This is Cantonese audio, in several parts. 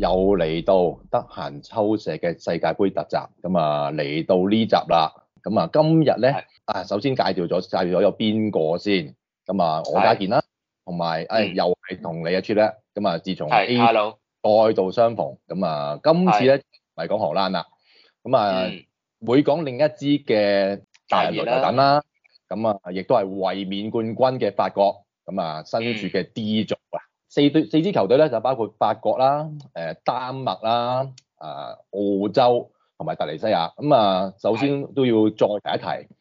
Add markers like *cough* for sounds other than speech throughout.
又嚟到得閒抽射嘅世界盃特集，咁啊嚟到集啊呢集啦，咁啊今日咧啊首先介紹咗介紹咗有邊個先，咁啊我家健啦，同埋誒又係同你 Cheaplad 咁啊自從 A 2 Hello 再度相逢，咁啊今次咧係講荷蘭啦，咁啊、嗯、會講另一支嘅大熱球隊啦，咁啊亦都係衛冕冠軍嘅法國，咁啊身處嘅 D 組啊。四隊四支球隊咧就包括法國啦、誒、呃、丹麥啦、啊、呃、澳洲同埋突尼西亞。咁、嗯、啊，首先都要再提一提，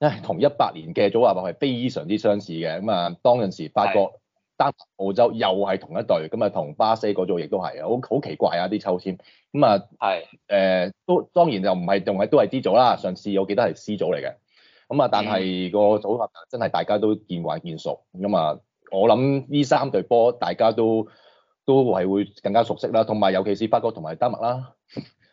唉，同一八年嘅組合係非常之相似嘅。咁、嗯、啊，當陣時法國、是的 丹麥、澳洲又係同一隊，咁、嗯、啊，同巴西嗰組亦都係，好好奇怪啊啲抽籤。咁啊，係、嗯、誒，都、嗯嗯嗯、當然就唔係，仲係都係 D 組啦。上次我記得係 C 組嚟嘅。咁、嗯、啊，但係個組合真係大家都見慣見熟咁啊。嗯嗯我諗呢三隊波，大家都都係會更加熟悉啦。同埋尤其是法國同埋丹麥啦，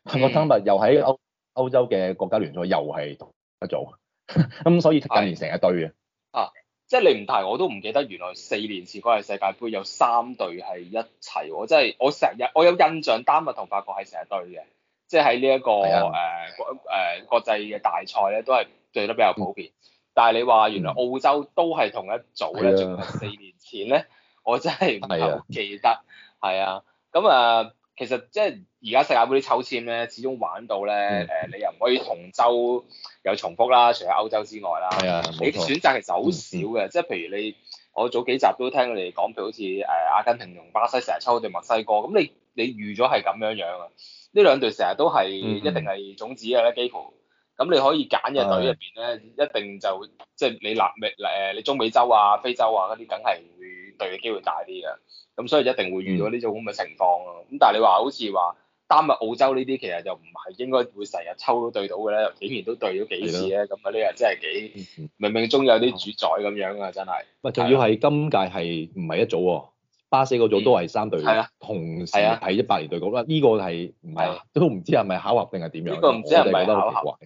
法國丹麥又喺歐歐洲嘅國家聯賽又係同一組，咁、 *laughs* 嗯、所以近年成日對嘅。啊，即係你唔提我都唔記得，原來四年前嗰個世界盃有三隊係一齊喎。即係我成日我有印象，丹麥同法國係成日對嘅，即係喺呢一個誒誒的、呃呃、國際嘅大賽咧，都係對得比較普遍。但係你話原來澳洲都係同一組咧，最、啊、四年前咧，我真係唔係好記得。係啊。係啊。咁啊、呃，其實即係而家世界盃啲抽籤咧，始終玩到咧，誒、嗯呃，你又唔可以同洲有重複啦，除咗歐洲之外啦。係啊，冇錯。你選擇其實好少嘅，嗯、即係譬如你，我早幾集都聽你講，譬如好似誒阿根廷同巴西成日抽對墨西哥，咁你你，你預咗係咁樣樣啊？呢兩隊成日都係一定係種子嘅咧，幾乎、嗯。咁你可以揀嘅隊入邊咧，一定就即係你南美、誒你中美洲啊、非洲啊嗰啲，梗係會對嘅機會大啲嘅。咁所以一定會遇到呢種咁嘅情況咯。咁但係你話好似話丹麥、澳洲呢啲，其實就唔係應該會成日抽到對到嘅咧，幾年都對咗幾次咧，咁嗰啲又真係幾冥冥中有啲主宰咁樣啊！真係。唔係，仲要係今屆係唔係一組喎？巴西個組都係三隊，同時睇一百年對局啦。呢個係唔係都唔知係咪巧合定係點樣呢個唔知係咪巧合。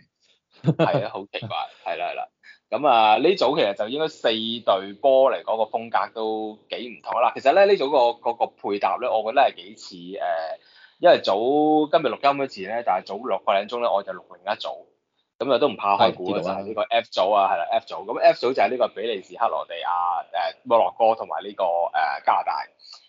係啊，好 *laughs* 奇怪，係啦係啦。咁啊，呢組其實就應該四對波嚟講個風格都幾唔妥啦。其實咧呢組個嗰配搭咧，我覺得係幾似誒，因為早今日錄音嗰時咧，但係早六個零鐘咧，我就錄另一組，咁又都唔怕開估，啊，就係呢個 F 組啊，係啦 F 組，咁 F 組就係呢個比利時、克羅地亞、誒摩洛哥同埋呢個誒、呃、加拿大。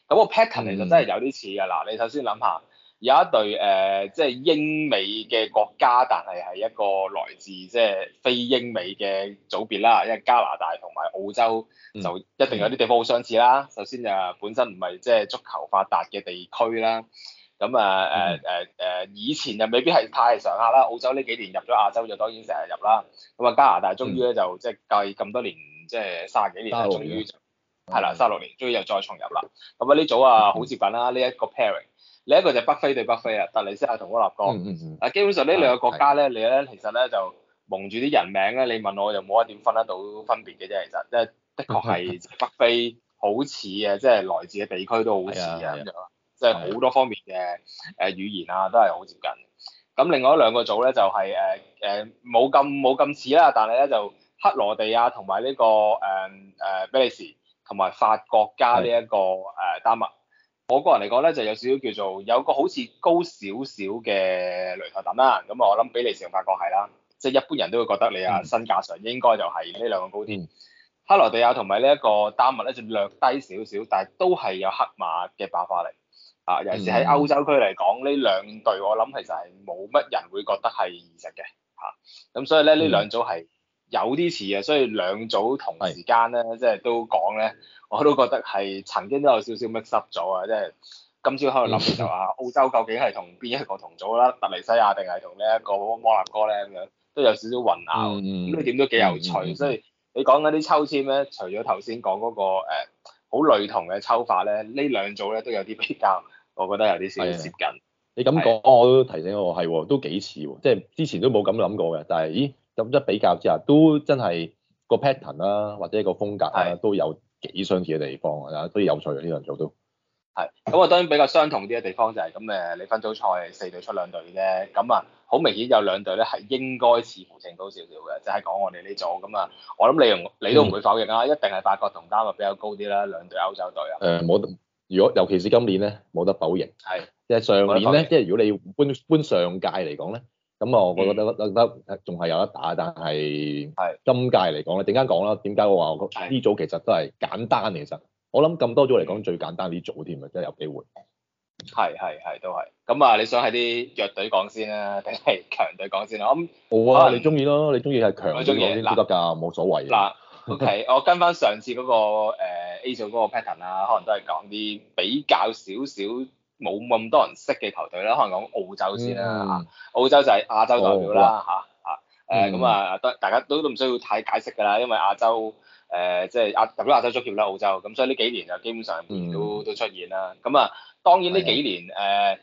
咁、嗰個 pattern 其實真係有啲似噶啦，你首先諗下。有一對誒，即、呃、係、就係、英美嘅國家，但係係一個來自即係非英美嘅組別啦。因為加拿大同埋澳洲就一定有啲地方好相似啦。嗯、首先就、呃、本身唔係即係足球發達嘅地區啦。咁啊誒誒誒，以前就未必係太常客啦。澳洲呢幾年入咗亞洲，就當然成日入啦。咁啊加拿大終於咧就即係計咁、嗯、多年，即係卅幾年，終於就係啦卅六年，終於又再重入啦。咁啊呢組啊好接近啦，呢、呢、一個 pairing。另一個就北非對北非啦，突尼西亞同摩洛哥。啊、嗯，嗯、基本上呢兩個國家咧，是你咧其實咧就蒙住啲人名咧，你問我又冇一點分得到分別嘅啫。其實，即、就、係、是、的確係北非，好似啊，即係 *laughs* 來自嘅地區都好似啊咁樣，即係好多方面嘅誒語言啊，都係好接近。咁另外兩個組咧就係誒誒冇咁冇咁似啦，但係咧就克羅地亞同埋呢個誒誒、呃呃、比利時同埋法國加呢一個誒丹麥。呃的我個人嚟講咧，就有少少叫做有個好似高少少嘅擂台等啦。咁啊，我諗比利時同法國係啦，即、就、係、是、一般人都會覺得你啊身價上應該就係呢兩個高添。克羅、嗯、地亞同埋呢一個丹麥咧，就略低少少，但係都係有黑馬嘅爆發力啊。尤其是喺歐洲區嚟講，呢兩隊我諗其實係冇乜人會覺得係易食嘅吓。咁所以咧，呢兩、嗯、組係。有啲似啊，所以兩組同時間咧，是即係都講咧，我都覺得係曾經都有少少 mix up 咗啊！即係今朝喺度諗就話，澳洲究竟係同邊一個同組啦？突尼西亞定係同呢一個摩納哥咧？咁樣都有少少混淆。咁你、嗯、點都幾有趣，嗯嗯、所以你講嗰啲抽籤咧，除咗頭先講嗰、嗰個好、uh, 類同嘅抽法咧，呢兩組咧都有啲比較，我覺得有啲少接近。你咁講，的我都提醒我係都幾似喎，即係之前都冇咁諗過嘅，但係咦？咁一比較之下，都真係個 pattern 啦、啊，或者一個風格啦、啊，是都有幾相似嘅地方啊，都有趣嘅。呢輪做都係。咁啊，我當然比較相同啲嘅地方就係咁誒，你分組賽四隊出兩隊啫，咁啊，好明顯有兩隊咧係應該似乎勝高少少嘅，就係、是、講我哋呢組咁啊，我諗你你都唔會否認啊，嗯、一定係法國同丹麥比較高啲啦，兩隊歐洲隊啊。誒冇，如果尤其是今年咧，冇得保贏。係是。即係是上年咧，即係如果你搬搬上屆嚟講咧。咁啊，我覺得得仲係有得打，但係今屆嚟講咧，陣間講啦。點解我話呢 A 組其實都係簡單？其實我諗咁多組嚟講，最簡單呢組添啊，真係有機會。係係係，都係。咁、嗯、啊，你想喺啲弱隊講先啦，定係強隊講先啊？我冇啊，哦、能你中意咯，你中意係強啲嗰啲都得㗎，冇、呃呃、所謂、呃。嗱，OK，我跟翻上次嗰、那個、uh, A 組嗰個 pattern 啊，可能都係講啲比較少少。冇咁多人識嘅球隊啦。可能講澳洲先啦嚇，嗯、澳洲就係亞洲代表啦嚇嚇，誒咁、哦、啊，嗯嗯嗯、大家都都唔需要太解釋㗎啦，因為亞洲誒即係亞代表亞洲足協啦，澳洲咁，所以呢幾年就基本上都、嗯、都出現啦。咁、嗯、啊，嗯、當然呢幾年誒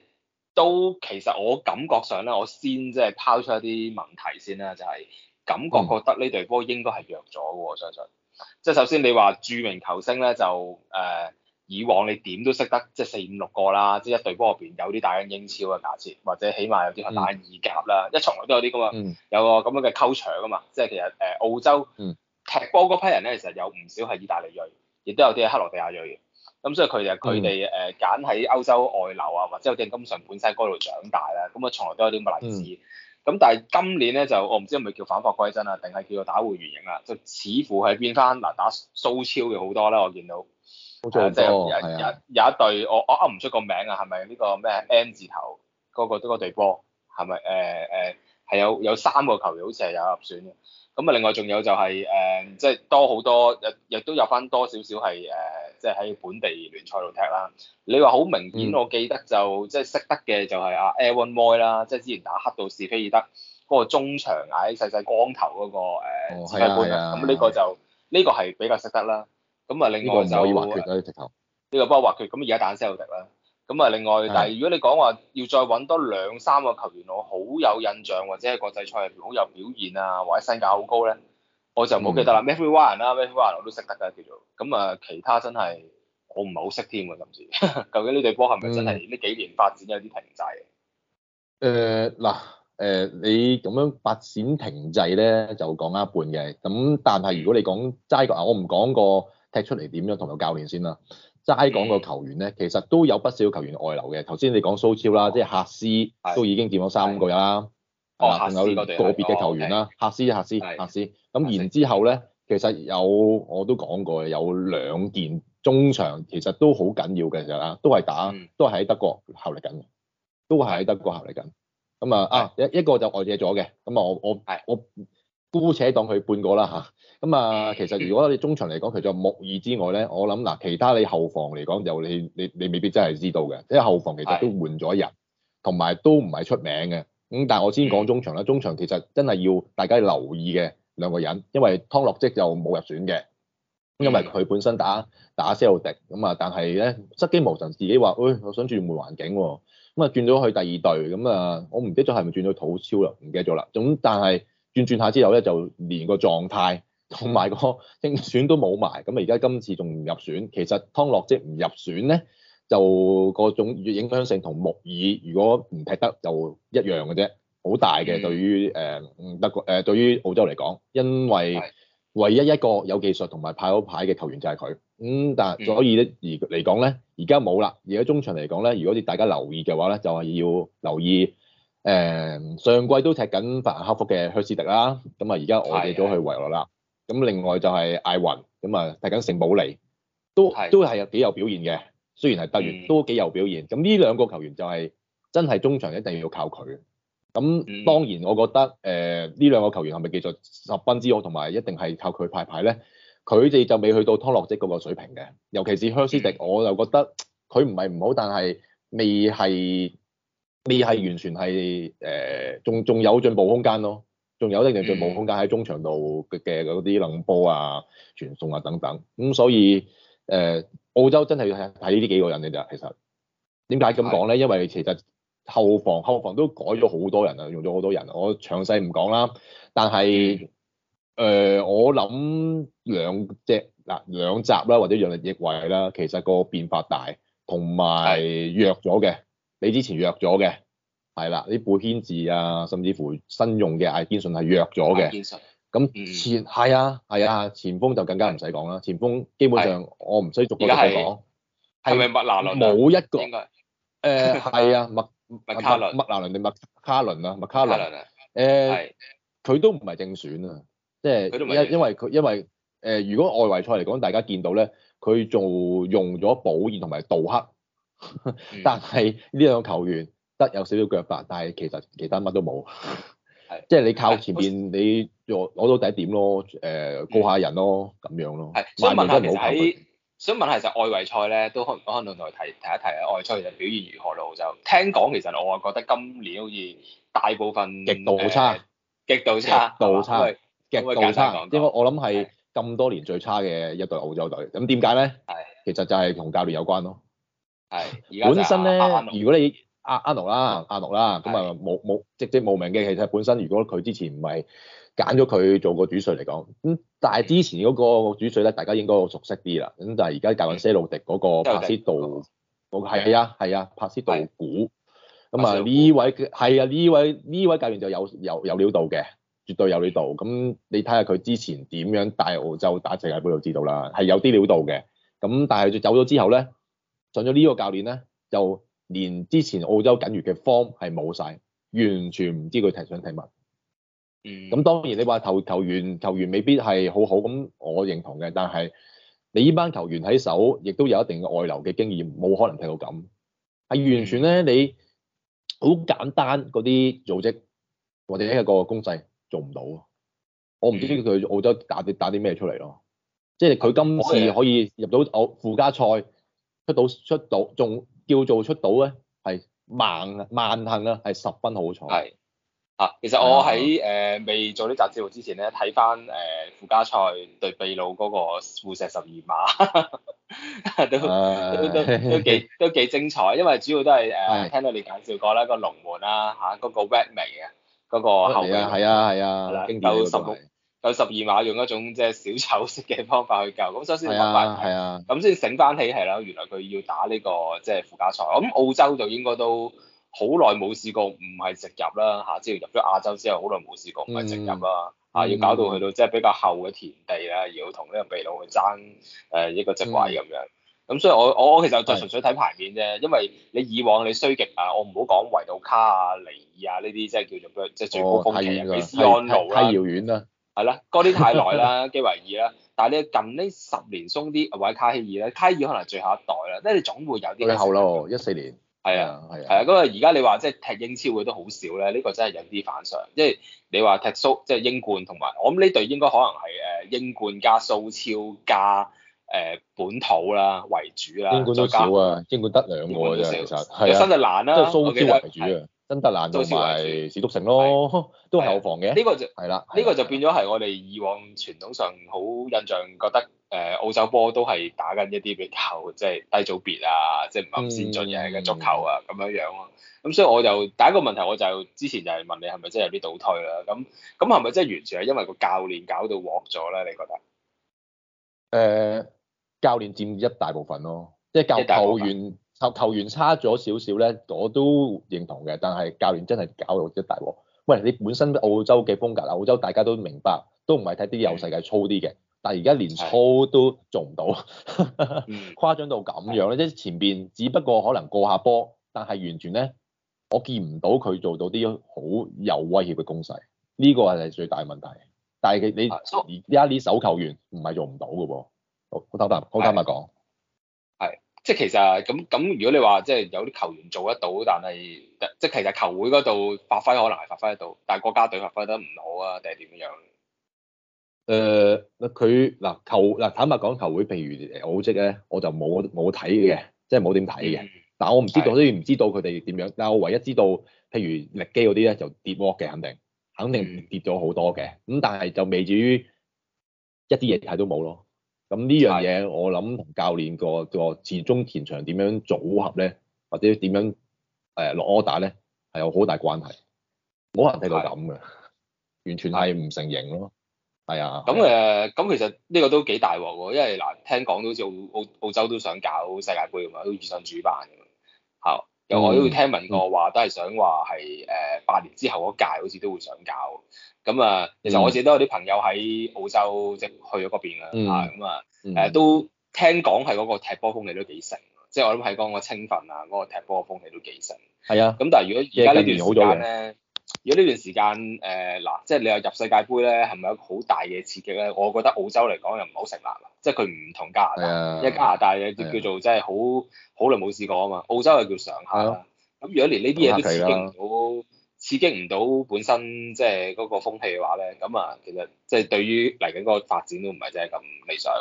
都、嗯呃、其實我感覺上咧，我先即係拋出一啲問題先啦，就係、是、感覺覺得呢隊波應該係弱咗喎，我相信。即係首先你話著名球星咧就誒。嗯嗯嗯以往你點都識得，即係四五六個啦，即係一隊波入邊有啲打緊英超嘅假設，或者起碼有啲係打緊意甲啦，一、嗯、從來都有啲咁啊，有個咁樣嘅構長啊嘛，即係其實誒澳洲踢波嗰批人咧，其實有唔少係意大利裔，亦都有啲係克羅地亞裔嘅，咁所以佢哋佢哋誒揀喺歐洲外流啊，或者有啲金根本上本西度長大啦，咁啊從來都有啲咁嘅例子，咁、嗯、但係今年咧就我唔知係咪叫反法歸真啊，定係叫做打回原形啦，就似乎係變翻嗱打蘇超嘅好多啦，我見到。即有一、啊、有，有，一有一隊，我我噏唔出名是是個名啊，係咪呢個咩 M 字頭嗰、嗰個隊波？係咪誒誒係有有三個球員好似係有入選嘅？咁啊，另外仲有就係、是、誒、呃，即係多好多，亦都有翻多少少係誒，即係喺本地聯賽度踢啦。你話好明顯，嗯、我記得就即係識得嘅就係阿 Aaron Mooy 啦，即係之前打黑道士菲爾德嗰個中場矮小小個，矮細細光頭嗰個誒，咁呢、啊、個就呢個係比較識得啦。咁啊，另外就呢個不可以劃決啊，要踢呢個不可劃決。咁而家但 sell 好啦。咁啊，另外，是的 但係如果你講話要再揾多兩三個球員，我好有印象或者係國際賽入邊好有表現啊，或者身價好高咧，我就冇記得啦。嗯、Matthew Ryan 啦、啊、，Matthew Ryan 我都識得㗎叫做。咁啊，其他真係我唔係好識添喎，甚至 *laughs* 究竟呢隊波係咪真係呢幾年發展有啲停滯？誒嗱誒，你咁樣發展停滯咧，就講一半嘅。咁但係如果你講齋個，我唔講個。踢出嚟點樣同個教練先啦。齋講個球員咧，其實都有不少球員外流嘅。頭先你講蘇超啦，即係赫斯都已經佔咗三個人啦。哦，赫斯嗰個別嘅球員啦，赫斯、赫斯、赫斯。咁然之後咧，其實有我都講過有兩件中場其實都好緊要嘅，其實啊，都係打都係喺德國效力緊，都係喺德國效力緊。咁啊啊一一個就外借咗嘅，咁啊我我誒我。姑且當佢半個啦嚇，咁啊，其實如果你中場嚟講，除咗木爾之外咧，我諗嗱，其他你後防嚟講，就你你你未必真係知道嘅，因為後防其實都換咗人，同埋是的 都唔係出名嘅。咁、嗯、但係我先講中場啦，中場其實真係要大家留意嘅兩個人，因為湯洛積就冇入選嘅，因為佢本身打打些路迪咁啊，但係咧失機無神，自己話誒、哎，我想轉換環境喎、啊，咁、嗯、啊轉咗去第二隊，咁、嗯、啊我唔記得咗係咪轉到土超啦，唔記得咗啦。咁但係。轉轉下之後咧，就連個狀態同埋個應選都冇埋，咁啊而家今次仲唔入選。其實湯諾即唔入選咧，就嗰種影響性同木耳如果唔踢得就一樣嘅啫，好大嘅、嗯、對於誒德國誒對於澳洲嚟講，因為唯一一個有技術同埋派好牌嘅球員就係佢。咁、嗯、但係、嗯、所以咧而嚟講咧，而家冇啦。而家中場嚟講咧，如果大家留意嘅話咧，就係要留意。誒上季都踢緊法蘭克福嘅赫斯迪啦，咁啊而家外借咗去維羅啦。咁是的 另外就係艾雲，咁啊踢緊聖保利，都是的 都係有幾有表現嘅。雖然係德乙，嗯、都幾有表現。咁呢兩個球員就係、是、真係中場一定要靠佢。咁當然我覺得誒呢、呃、兩個球員係咪叫做十分之好，同埋一定係靠佢排排咧？佢哋就未去到湯洛積嗰個水平嘅，尤其是赫斯迪，嗯、我就覺得佢唔係唔好，但係未係。呢係完全係誒，仲、呃、仲有進步空間咯，仲有一定嘅進步空間喺中場度嘅嗰啲冷波啊、傳送啊等等。咁所以誒、呃，澳洲真係要睇呢幾個人嘅咋。其實點解咁講咧？因為其實後防後防都改咗好多人啊，用咗好多人，啊。我詳細唔講啦。但係誒、呃，我諗兩隻嗱兩閘啦，或者楊力亦維啦，其實個變化大同埋弱咗嘅。你之前弱咗嘅係啦，啲貝希治啊，甚至乎新用嘅艾堅信係弱咗嘅。咁前係啊係啊，前鋒就更加唔使講啦。前鋒基本上我唔需要逐個講。係咪麥拿倫？冇一個誒係啊，麥麥卡麥拿倫定麥卡倫啊，麥卡倫誒，佢都唔係正選啊，即係因因為佢因為誒，如果外圍賽嚟講，大家見到咧，佢做用咗保爾同埋杜克。但係呢兩個球員得有少少腳法，但係其實其他乜都冇，即係你靠前邊你攞到第一點咯，誒高下人咯咁樣咯。係，所以問下其實，想問下其實外圍賽咧都可可能同提提一提啊，外賽嘅表現如何咯？澳洲聽講其實我啊覺得今年好似大部分極度差，極度差，度差，極度差。因為我諗係咁多年最差嘅一隊澳洲隊？咁點解咧？係，其實就係同教練有關咯。係，本身咧，如果你阿阿奴啦，阿奴啦，咁啊冇冇籍籍無名嘅，其實本身如果佢之前唔係揀咗佢做主個主帥嚟講，咁但係之前嗰個主帥咧，大家應該熟悉啲啦。咁但係而家教緊西路迪嗰個帕斯杜，係啊係啊，帕斯道古，咁啊呢位係啊呢位呢位，位教練就有有有，有料到嘅，絕對有料到。咁你睇下佢之前點樣帶澳洲打世界盃就知道啦，係有啲料到嘅。咁但係佢走咗之後咧。呢上咗呢個教練咧，就連之前澳洲僅餘嘅 form 係冇晒，完全唔知佢提想提乜。嗯。咁當然你話投球員球員未必係好好，咁我認同嘅。但係你呢班球員喺手，亦都有一定嘅外流嘅經驗，冇可能睇到咁，係完全咧你好簡單嗰啲組織或者一個攻勢做唔到。我唔知佢澳洲打啲打啲咩出嚟咯，即係佢今次可以入到澳附加賽。出到出到，仲叫做出到咧，係萬萬幸啊，係十分好彩。係啊，其實我喺誒未做呢集節目之前咧，睇翻誒附加賽對秘魯嗰個互射十二碼 *laughs* 都唉呀，都都都都幾，唉呀 都，幾都幾精彩，因為主要都係誒、呃、聽到你介紹過啦，個龍門啦嚇，嗰個 Redmayne 啊，嗰、嗰個嗰個後影啊係啊，經典嗰有十二碼用一種即係小丑式嘅方法去救，咁首先係啊，咁先醒翻起係啦，原來佢要打呢個即係附加賽。咁澳洲就應該都好耐冇試過，唔係直入啦吓，之前入咗亞洲之後，好耐冇試過唔係直入啦吓，要搞到去到即係比較厚嘅田地啦，要同呢個秘魯去爭誒一個席位咁樣。咁所以我我其實就純粹睇牌面啫，因為你以往你衰極啊，我唔好講維杜卡啊、尼爾啊呢啲即係叫做咩，即係最高峰期嘅斯安奴啦。係啦，過啲太耐啦，基維爾啦。但係你近呢十年鬆啲，或者卡希爾啦，卡爾可能最後一代啦。即係你總會有啲。最後咯，一四年。係啊的，係啊。係啊，咁而家你話即係踢英超嘅都好少咧，呢、這個真係有啲反常。即係你話踢蘇即係英冠同埋，我諗呢隊應該可能係誒英冠加蘇超加誒、呃、本土啦為主啦。英冠都少啊，英冠得兩個啫，其實。係真係難啦。即係蘇超為主啊。新德蘭同埋史篤城咯，都係有防嘅。呢個就係啦，呢個就變咗係我哋以往傳統上好印象覺得，誒澳洲波都係打緊一啲比較即係低組別啊，即係唔咁先進嘅足球啊咁、嗯、樣樣咯。咁所以我就第一個問題，我就之前就係問你係咪真係有啲倒退啦？咁咁係咪真係完全係因為個教練搞到屈咗咧？你覺得？誒、呃，教練佔一大部分咯，即係教球員。球球員差咗少少咧，我都認同嘅。但係教練真係搞到一大鑊。喂，你本身澳洲嘅風格啦，澳洲大家都明白，都唔係睇啲有世界粗啲嘅。但係而家連粗都做唔到， *laughs* 誇張到咁樣咧。嗯、即係前邊，只不過可能過下波，但係完全咧，我見唔到佢做到啲好有威脅嘅攻勢。呢、這個係最大問題。但係佢你而家呢手球員唔係做唔到嘅喎。好，坦白下，坦白講。即係其實咁咁，如果你話即係有啲球員做得到，但係即係其實球會嗰度發揮可能係發揮得到，但係國家隊發揮得唔好啊？定係點樣？誒、呃，佢嗱球嗱坦白講，球會譬如我知咧，我就冇冇睇嘅，即係冇點睇嘅。嗯、但係我唔知道，所以唔知道佢哋點樣。但係我唯一知道，譬如力基嗰啲咧就跌 watt 嘅，肯定肯定跌咗好多嘅。咁、嗯、但係就未至於一啲嘢睇都冇咯。咁呢樣嘢，是的 我諗同教練、那個、那個中前場點樣組合咧，或者點樣誒落 order 咧，係有好大關係。冇人睇到咁嘅，是的 完全係唔成形咯。係啊，咁誒，咁其實呢個都幾大鑊喎，因為嗱，聽講好似澳澳澳洲都想搞世界盃㗎嘛，都想主辦㗎嘛，有我都會聽聞過話，嗯、都係想話係誒八年之後嗰屆好似都會想搞，咁啊、嗯，其實我自己都有啲朋友喺澳洲即去咗嗰邊、嗯、啊，咁啊誒都聽講係嗰個踢波風氣都幾盛，即係我諗喺講個青訓、嗰個、啊，嗰個踢波個風氣都幾盛。係啊，咁但係如果而家呢段時間咧？如果呢段時間誒嗱，即係你又入世界盃咧，係咪一個好大嘅刺激咧？我覺得澳洲嚟講又唔好成立啦，即係佢唔同加拿大，因為加拿大嘅叫做真係好好耐冇試過啊嘛。澳洲又叫常客啦。咁如果連呢啲嘢都刺激唔到，刺激唔到本身即係嗰個風氣嘅話咧，咁啊，其實即係對於嚟緊嗰個發展都唔係真係咁理想。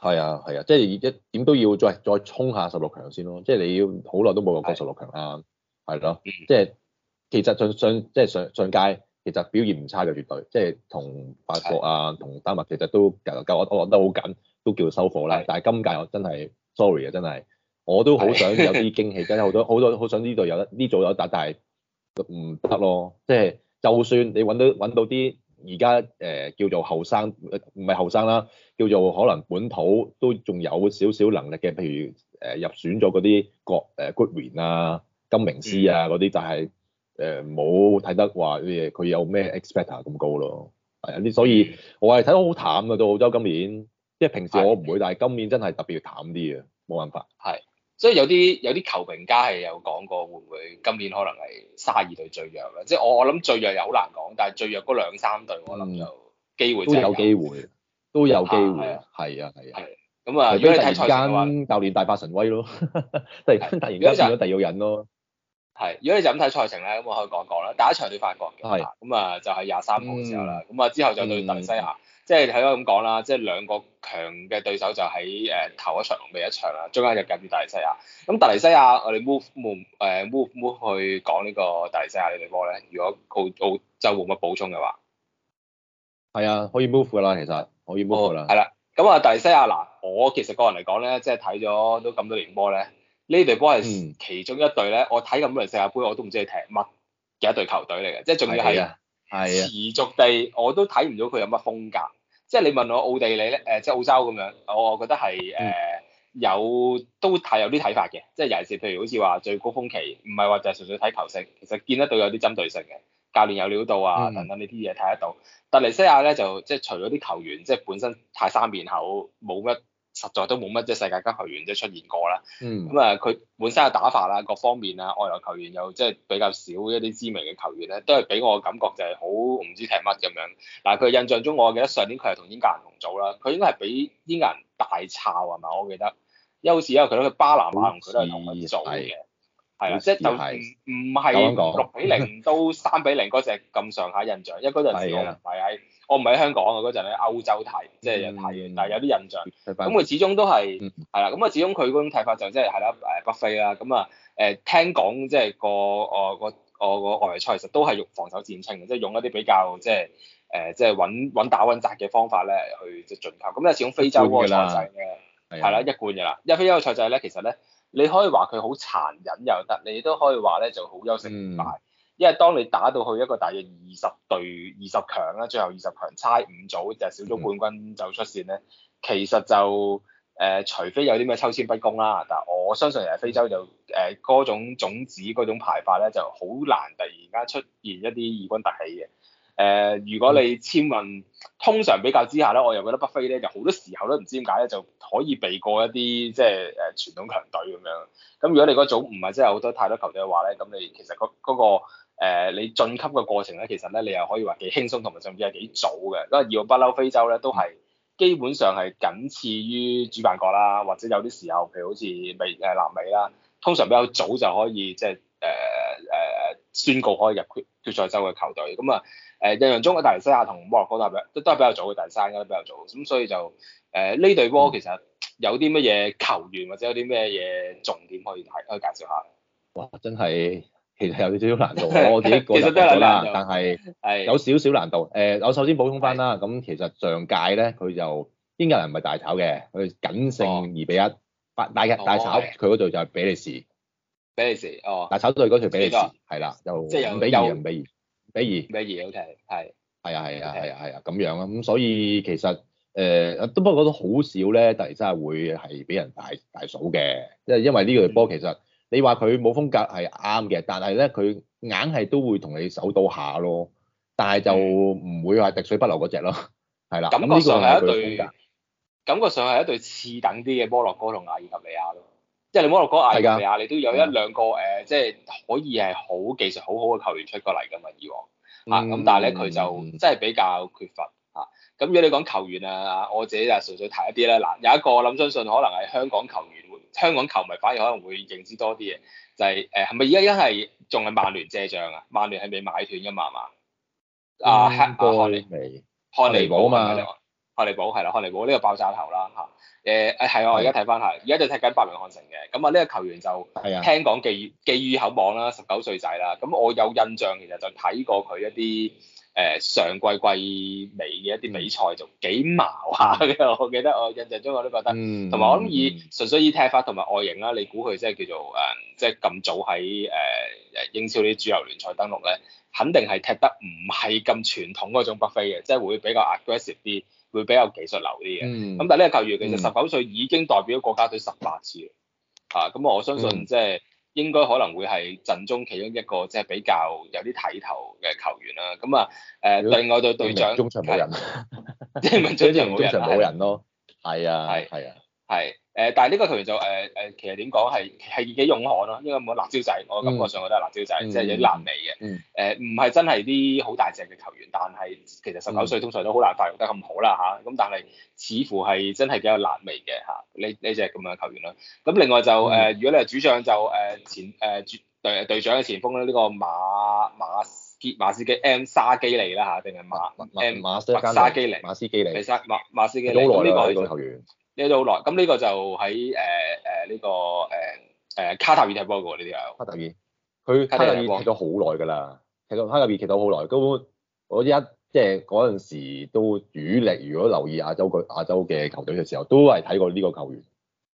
係啊係啊，即係一點都要再再衝下十六強先咯。即係你要好耐都冇入過十六強啦，係咯，即係。其實上上即係上上屆其實表現唔差嘅，絕對即係同法國啊、同丹麥其實都搞得好緊，都叫收貨啦。但係今屆我真係 sorry 啊，真係我都好想有啲驚喜，真係好多好多好想呢度有得呢組有得，但係唔得咯。即係就算你揾到揾到啲而家誒叫做後生唔係後生啦，叫做可能本土都仲有少少能力嘅，譬如誒、呃、入選咗嗰啲國誒 Goodwin 啊、金明斯啊嗰啲，就係。 *noise* 誒冇睇得話佢有咩 expect 咁高咯？係有啲，所以我係睇到好淡㗎。到澳洲今年，即係平時我唔會，的但係今年真係特別淡啲嘅，冇辦法。係，所以有啲有啲球評家係有講過，會唔會今年可能係32隊最弱咧？即係我我諗最弱又好難講，但係最弱嗰兩三隊，我諗就機會就、嗯、都有機會，都有機會，係啊係啊。咁啊，如果你話 *laughs* 突然間教練大發神威咯， *laughs* 突然突然間變咗第二人咯。 *laughs* 係，如果你就咁睇賽程咧，咁我可以講講啦。第一場對法國嘅，咁啊是就係廿三號之後啦。咁啊、嗯、之後就對突尼西亞，即係睇翻咁講啦，即係、就是、兩個強嘅對手就喺誒頭一場同尾一場啦，中間就夾住突尼西亞。咁突尼西亞，我哋 move move 誒 move move 去講呢個突尼西亞呢隊波咧。如果澳洲就冇乜補充嘅話，係啊，可以 move 噶啦，其實可以 move 啦。係啦，咁啊突尼西亞嗱，我其實個人嚟講咧，即係睇咗都咁多年波咧。呢隊波係其中一隊咧、嗯，我睇咁多人世界盃我都唔知係踢乜嘅一隊球隊嚟嘅，即係仲要係持續地、啊啊、我都睇唔到佢有乜風格。即係你問我奧地利咧，誒即係澳洲咁樣，我覺得係誒、呃、有都太有啲睇法嘅。即係尤其是譬如好似話最高峰期，唔係話就係純粹睇球星，其實見得到有啲針對性嘅，教練有料到啊等等呢啲嘢睇得到。突尼西亞咧就即係除咗啲球員即係本身太三面口，冇乜。實在都冇乜即係世界級球員即係出現過啦。咁啊、嗯，佢、嗯、本身嘅打法啦，各方面啊，外來球員又即係比較少一啲知名嘅球員咧，都係俾我感覺就係好唔知踢乜咁樣。嗱，佢印象中我記得上年佢係同英格蘭同組啦，佢應該係比英格蘭大炒係咪？我記得，因為好似因為佢咧，佢巴拿馬同佢的都係同佢做嘅，係啦，即係就唔唔係六比零都三比零嗰隻咁上下印象， *laughs* 因為嗰陣時我唔係喺。我唔係喺香港啊，嗰陣喺歐洲睇，即係睇，但係有啲印象。咁佢、嗯、始終都係，係啦、嗯。咁啊，始終佢嗰種睇法就即係係啦，誒北非啦。咁啊，誒聽講即係個我個我個,個外圍賽其實都係用防守戰勝嘅，即係用一啲比較即係誒、呃、即係穩穩打穩紮嘅方法咧去即係進球。咁啊，始終非洲嗰個賽制咧，係啦，一貫嘅啦。一非洲嘅賽制咧，其實咧，你可以話佢好殘忍又得，你都可以話咧就好優勝劣敗、嗯。因為當你打到去一個大約二十隊、二十強啦，最後二十強差五組就係、小組冠軍就出線咧。嗯、其實就誒、呃，除非有啲咩抽籤不公啦，但係我相信其實非洲就誒嗰、呃、種種子嗰種排法咧，就好難突然間出現一啲異軍突起嘅。誒、呃，如果你籤運，嗯、通常比較之下咧，我又覺得北非咧就好多時候都唔知點解咧就可以避過一啲即係誒傳統強隊咁樣。咁如果你嗰組唔係真係好多太多球隊嘅話咧，咁你其實嗰、那、嗰個。誒，你晉級嘅過程咧，其實咧，你又可以話幾輕鬆，同埋甚至係幾早嘅，因為要不嬲非洲咧都係基本上係僅次於主辦國啦，或者有啲時候，譬如好似美誒南美啦，通常比較早就可以即係誒誒宣告可以入決決賽周嘅球隊。咁啊誒，印、呃、象中嘅突尼西亞同摩洛哥都係都都係比較早嘅第三，都比較早。咁所以就誒呢、呃、隊波其實有啲乜嘢球員、嗯、或者有啲咩嘢重點可以睇，可以介紹下？哇！真係～其實有少少難度，我自己個人覺得啦，但係有少少難度。誒，我首先補充翻啦，咁其實上屆咧，佢就英格蘭唔係大炒嘅，佢僅勝二比一，但大日大炒佢嗰度就係比利時，比利時哦，大炒對嗰條比利時係啦，就五比二，五比二，五比二，五比二 ok，係係啊係啊係啊係啊咁樣啊，咁所以其實誒，都不過覺得好少咧，突然真係會係俾人大大數嘅，因為因為呢個波其實。你話佢冇風格係啱嘅，但係咧佢硬係都會同你守到下咯，但係就唔會話滴水不流嗰隻咯，係啦。感覺上係一對，感覺上係一對次等啲嘅摩洛哥同阿爾及利亞咯，即係你摩洛哥阿爾及利亞，你都有一兩個誒，即係可以係好技術好好嘅球員出過嚟㗎嘛，以往，嚇咁但係咧佢就真係比較缺乏嚇。咁如果你講球員啊，我自己就純粹提一啲咧，嗱，有一個諗相信可能係香港球員。香港球迷反而可能會認知多啲嘅，就係誒係咪而家一係仲係曼聯借將啊？曼聯係未買斷㗎嘛係嘛？啊，黑哥未，漢尼堡嘛？漢尼堡係啦，漢尼堡呢個爆炸頭啦嚇。誒係啊，我而家睇翻下，而家就踢緊伯明翰城嘅。咁啊呢個球員就聽講寄寄予厚望啦，十九歲仔啦。咁我有印象其實就睇過佢一啲。誒上季季尾嘅一啲比賽就幾矛下嘅，我記得我印象中我都覺得，同埋我諗以純粹以踢法同埋外形啦，你估佢即係叫做誒，即係咁早喺誒、嗯、英超啲主流聯賽登陸咧，肯定係踢得唔係咁傳統嗰種北非嘅，即係會比較 aggressive 啲，會比較技術流啲嘅。咁但係呢個球員其實十九歲已經代表國家隊十八次啦，咁我相信即係。嗯應該可能會係陣中其中一個，即係比較有啲睇頭嘅球員啦。咁啊，誒，呃、果另外對隊長，中場冇人，啊，即是 *laughs* 中場冇人咯，係啊，係 *laughs* 啊，係。誒，但係呢個球員就誒誒，其實點講係係幾勇悍咯，因為冇辣椒仔，我感覺上我覺得係辣椒仔，即係有啲辣味嘅。嗯。誒，唔係真係啲好大隻嘅球員，但係其實十九歲通常都好難發育得咁好啦吓。咁但係似乎係真係比較辣味嘅吓，呢呢隻咁嘅球員啦。咁另外就誒，如果你係主將就誒前誒隊隊長嘅前鋒咧，呢個馬馬基馬斯基 M 沙基尼啦吓，定係馬馬馬馬沙基尼，馬斯基尼，馬馬馬斯基尼，好耐啦呢個球員。你都好耐，咁呢個就喺誒誒呢個誒誒、呃、卡塔爾踢波嘅呢啲啊，卡塔爾，佢卡塔爾踢咗好耐㗎啦，其實卡塔爾踢咗好耐，根本我一即係嗰陣時都主力。如果留意亞洲嘅亞洲嘅球隊嘅時候，都係睇過呢個球員。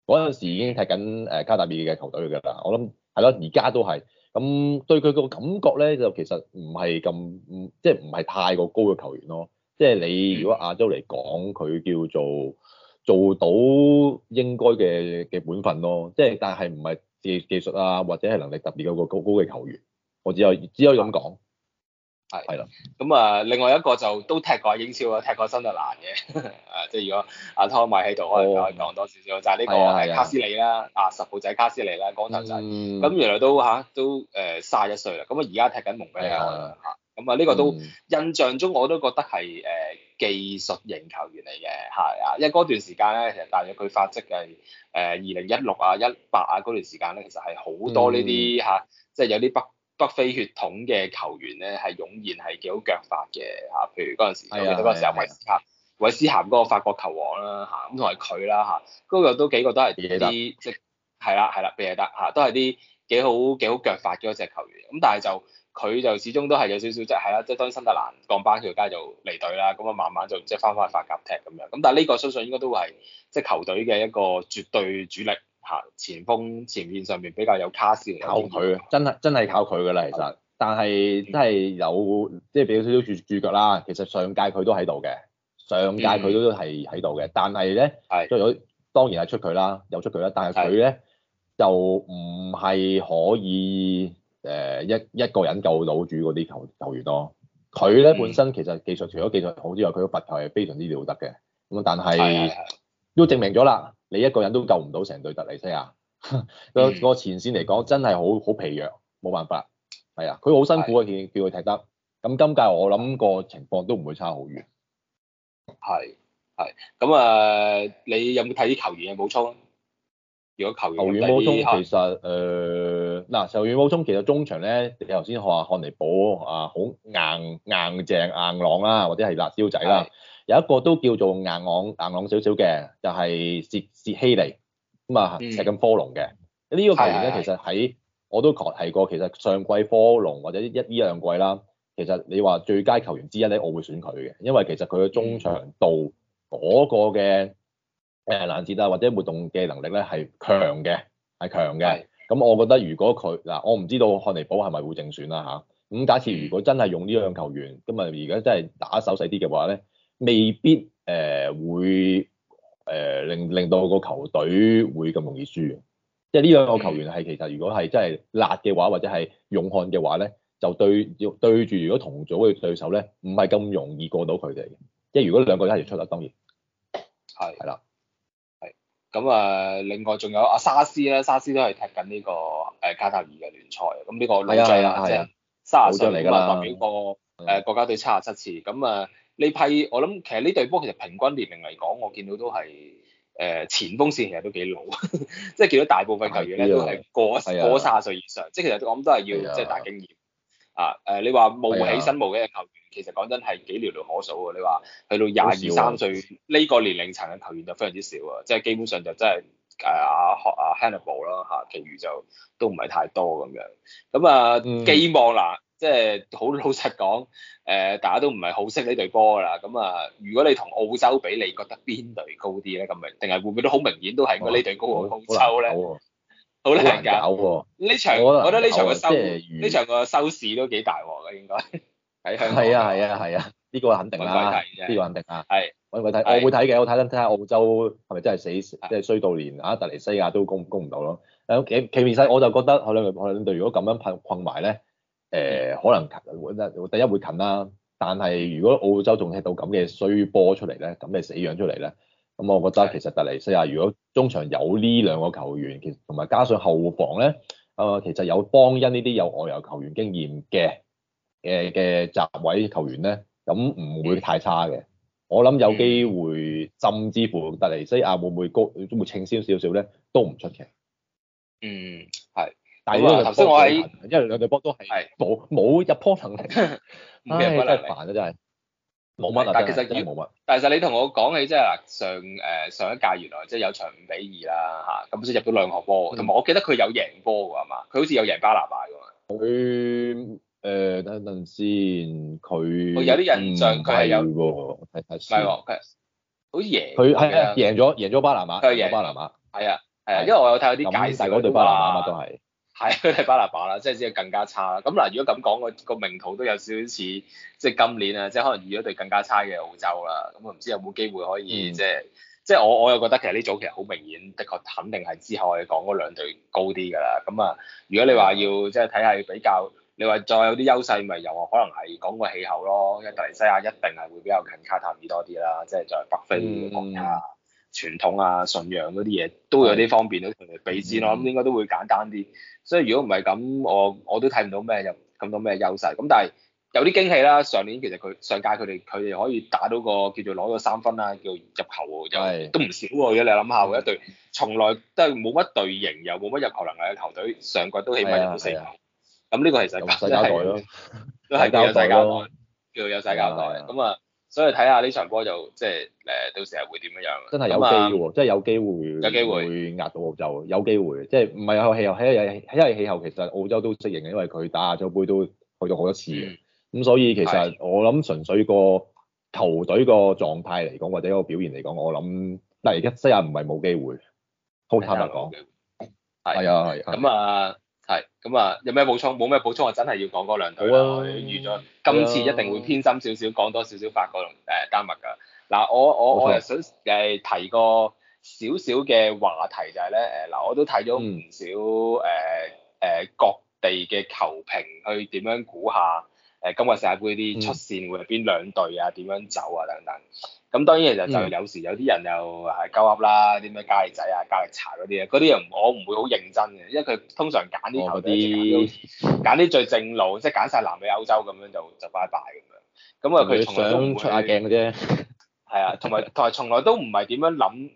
嗰陣時已經踢緊誒卡塔爾嘅球隊㗎啦。我諗係咯，而家都係。咁對佢個感覺咧，就其實唔係咁，即係唔係太過高嘅球員咯。即係你如果亞洲嚟講，佢叫做。嗯做到應該嘅嘅本分咯，即係但係唔係技技術啊，或者係能力特別嘅個高高嘅球員，我只有 *noise* 只可以咁講，係係啦。咁 *noise* 啊，另外一個就都踢過英超啊，踢過新特蘭嘅，啊 *laughs* 即係如果阿湯米喺度，可以講多少少、哦、就係呢、呢個誒、 *noise* 啊、卡斯利啦，啊十號仔卡斯利啦，光頭仔，咁、 *noise* 嗯、原來都嚇都誒卅一歲啦，咁啊而家踢緊蒙比啊。咁啊，呢個都印象中我都覺得係誒技術型球員嚟嘅嚇啊，因為嗰段時間咧，其實但係佢發跡係誒二零一六啊、一八啊嗰段時間咧，其實係好多呢啲嚇，即係有啲北北非血統嘅球員咧，係湧現係幾好腳法嘅嚇，譬如嗰陣時，我記得嗰陣時有維斯鹹，維斯鹹嗰個法國球王啦嚇，咁同埋佢啦嚇，嗰個都幾個都係啲即係係啦係啦，比爾德嚇，都係啲幾好幾好腳法嘅一隻球員，咁但係就。佢就始終都係有少少即係啦，即、就、係、是、當新特蘭降班條街就離隊啦，咁啊慢慢就即係翻返去法甲踢咁樣。咁但係呢個相信應該都係即係球隊嘅一個絕對主力嚇，前鋒前面上面比較有卡士嘅。靠佢啊！真係真係靠佢㗎啦，其實。但係真係有即係、就是、畀少少注注腳啦。其實上屆佢都喺度嘅，上屆佢都係喺度嘅。嗯、但係咧，係即係當然係出佢啦，有出佢啦。但係佢咧就唔係可以。誒，一一個人救到主嗰啲球球員咯，佢咧、嗯、本身其實技術，除咗技術好之外，佢個罰球係非常之了得嘅。咁但係都證明咗啦，是是是你一個人都救唔到成隊突尼西亞，呵呵嗯、個前線嚟講真係好好疲弱，冇辦法。係啊，佢好辛苦啊，是是叫佢踢得。咁今屆我諗個情況都唔會差好遠。係係，咁啊，你有冇睇啲球員嘅補充？如果球員，球員補充其實誒。啊啊嗱，受完補充，其實中場咧，你頭先話漢尼保啊，好硬硬正硬朗啦，或者係辣椒仔啦，有一個都叫做硬朗硬朗少少嘅，就係薛薛希尼咁啊，石金科隆嘅呢個球員咧，其實喺我都提過，其實上季科隆或者一依兩季啦，其實你話最佳球員之一咧，我會選佢嘅，因為其實佢嘅中場度嗰個嘅誒攔截啊，或者活動嘅能力咧係強嘅，係強嘅。咁、嗯、我覺得如果佢嗱，我唔知道漢尼堡係咪會正選啦、啊、吓，咁、嗯、假設如果真係用呢兩球員，咁啊而家真係打手勢啲嘅話咧，未必誒、呃、會誒、呃、令令到個球隊會咁容易輸嘅。即係呢兩個球員係其實如果係真係辣嘅話，或者係用漢嘅話咧，就對要對住如果同組嘅對手咧，唔係咁容易過到佢哋嘅。即係如果兩個一齊出嚟，當然係係啦。咁啊，另外仲有阿沙斯咧，沙斯都係踢緊呢個誒卡塔爾嘅聯賽，咁呢個老將即係三十歲嚟㗎嘛，代表過誒國家隊七十七次。咁啊，呢批我諗其實呢隊波其實平均年齡嚟講，我見到都係誒前鋒線其實都幾老，即係見到大部分球員咧都係過咗過咗三十歲以上。啊啊、即係其實我諗都係要即係大經驗啊。誒、啊，你話冒起身冒嘅球員？其實講真係幾寥寥可數喎，你話去到廿二三歲呢個年齡層嘅球員就非常之少啊。即係基本上就真係誒阿阿 Hannibal 啦吓，其餘就都唔係太多咁樣。咁啊，寄望嗱，即係好老實講，誒大家都唔係好識呢隊波㗎啦。咁啊，如果你同澳洲比，你覺得邊隊高啲咧？咁啊，定係會唔會都好明顯都係呢隊高過澳洲咧？好難搞喎、啊，呢、啊、場、啊、我覺得呢場嘅收呢魚應該 場嘅收視都幾大鑊嘅應該。 *laughs* 係啊係啊係啊，呢、啊啊這個肯定啦，呢個肯定啊。係搵佢睇，我會睇嘅，我睇睇睇下澳洲係咪真係死，即係衰到連啊突尼西亞都攻攻唔到咯。誒，其其實我就覺得後兩隊後兩隊如果咁樣困困埋咧，誒可能會第一會近啦。但係如果澳洲仲踢到咁嘅衰波出嚟咧，咁你死樣出嚟咧，咁我覺得其實突尼西亞如果中場有呢兩個球員，其同埋加上後防咧，啊，其實有邦因呢啲有外遊球員經驗嘅。嘅嘅集位球員咧，咁唔會太差嘅。我諗有機會，甚至乎突尼西亞會唔會高都會稱籤少少咧，都唔出奇。嗯，係。但係頭先我喺因為兩隊波都係冇冇入波能力。唉、哎，真係煩啊！真係冇乜，但係其實但係其實你同我講起即係嗱，上誒上一屆原來即係有場五比二啦嚇，咁先入到兩個波，同埋的我記得佢有贏波㗎嘛，佢好似有贏巴拿馬㗎嘛。佢、嗯。誒，等一陣先，佢有啲印象，佢係有喎，睇睇書，係好似贏，佢係贏咗，贏咗巴拿馬，贏巴拿馬，係啊，係啊，因為我有睇有啲解釋嗰對巴拿馬啊，都係，係睇巴拿馬啦，即係只係更加差啦。咁嗱，如果咁講，個個名圖都有少少似，即係今年啊，即係可能遇咗對更加差嘅澳洲啦。咁我唔知有冇機會可以即係，即係我我又覺得其實呢組其實好明顯，的確肯定係之後我哋講嗰兩隊高啲㗎啦。咁啊，如果你話要即係睇下比較。你話再有啲優勢，咪又可能係講個氣候咯。因為突尼西亞一定係會比較近卡塔爾多啲啦，即係就係北非國家，傳統啊、信仰嗰啲嘢都有啲方便到。比戰我諗應該都會簡單啲。所以如果唔係咁，我我都睇唔到咩有咁到咩優勢。咁但係有啲驚喜啦。上年其實佢上屆佢哋佢哋可以打到個叫做攞咗三分啦，叫入球又都唔少，如果你諗下，一隊從來都冇乜隊形又冇乜入球能力嘅球隊，上季都起碼入四咁呢個係世界，都係世界交代咯，叫有世交代。咁啊，所以睇下呢場波就即係誒，到時候會點樣？真係有機喎，真係有機會，有機會壓到澳洲，有機會。即係唔係有氣候？係係係因為氣候其實澳洲都適應嘅，因為佢打亞洲杯都去咗好多次嘅。咁所以其實我諗純粹個球隊個狀態嚟講，或者個表現嚟講，我諗但係而家西亞唔係冇機會，好坦白講。係啊係。咁啊～係，咁啊，有咩補充？冇咩補充，我真係要講嗰兩隊啦。嗯、預咗、嗯、今次一定會偏心少、啊嗯就係啊、少，講多少少法國同誒丹麥㗎。嗱、啊，我我我又想誒提個少少嘅話題，就係咧誒嗱，我都睇咗唔少誒誒各地嘅球評，去點樣估下？誒今屆世界盃啲出線會係邊兩隊啊？點樣走啊？等等。咁當然其實就有時有啲人又係鳩噏啦，啲咩交易仔啊、交易查嗰啲咧，嗰啲人我唔會好認真嘅，因為佢通常揀啲球隊，揀啲、哦、最正路， *laughs* 即係揀晒南美、歐洲咁樣就就拜拜咁樣。咁 *laughs* 啊，佢想出下鏡嘅啫。係啊，同埋同埋從來都唔係點樣諗。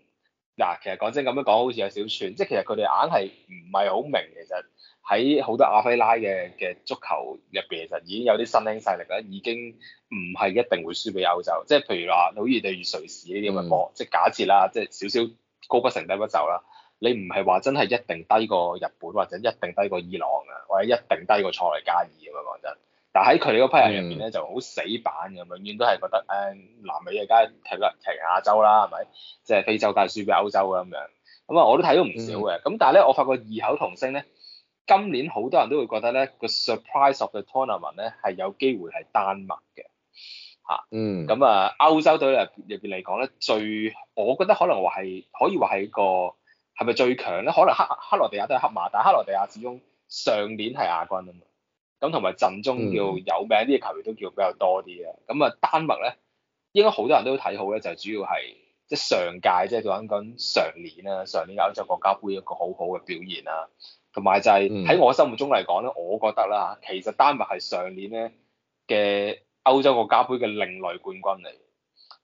嗱，其實講真咁樣講，好似有少串，即係其實佢哋硬係唔係好明，其實。喺好多亞非拉嘅嘅足球入邊，其實已經有啲新興勢力啦，已經唔係一定會輸俾歐洲。即係譬如話，好似例如瑞士呢啲咁嘅國，即係假設啦，即係少少高不成低不就啦。你唔係話真係一定低過日本或者一定低過伊朗啊，或者一定低過賽內加爾咁樣講真。但係喺佢哋嗰批人入邊咧，嗯、就好死板嘅，永遠都係覺得誒南美嘅梗係踢得踢亞洲啦，係咪？即係非洲梗係輸俾歐洲咁樣。咁啊，我都睇到唔少嘅。咁、嗯、但係咧，我發覺異口同聲咧。今年好多人都會覺得咧，個 surprise of the tournament 咧係有機會係丹麥嘅嚇，啊 mm. 嗯，咁啊歐洲隊入入面嚟講咧，最，我覺得可能話係可以話係個係咪最強咧？可能克克羅地亞都係黑馬，但係克羅地亞始終上年係亞軍啊嘛，咁同埋陣中叫有名啲嘅球員都叫比較多啲啊，咁啊丹麥咧應該好多人都睇好咧，就主要係即係上屆即係講緊上年啊，上年歐洲國家杯一個好好嘅表現啦。同埋就係、是、喺、嗯、我心目中嚟講咧，我覺得啦嚇，其實丹麥係上年咧嘅歐洲國家杯嘅另類冠軍嚟。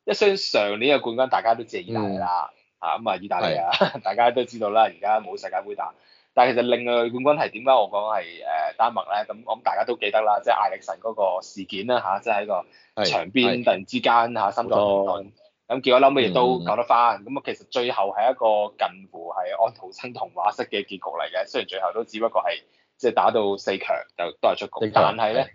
一雖然上年嘅冠軍，大家都知係意大利啦嚇，咁啊意大利啊，大家都知道啦，而家冇世界盃打。但係其實另類冠軍係點解我講係誒丹麥咧？咁我諗大家都記得啦，即係艾力神嗰個事件啦吓，即係喺個場邊突然之間吓，心臟是、嗯咁結果嬲尾亦都救得翻，咁啊、嗯、其實最後係一個近乎係安徒生童話式嘅結局嚟嘅，雖然最後都只不過係即係打到四強就都係出局，四強，但係咧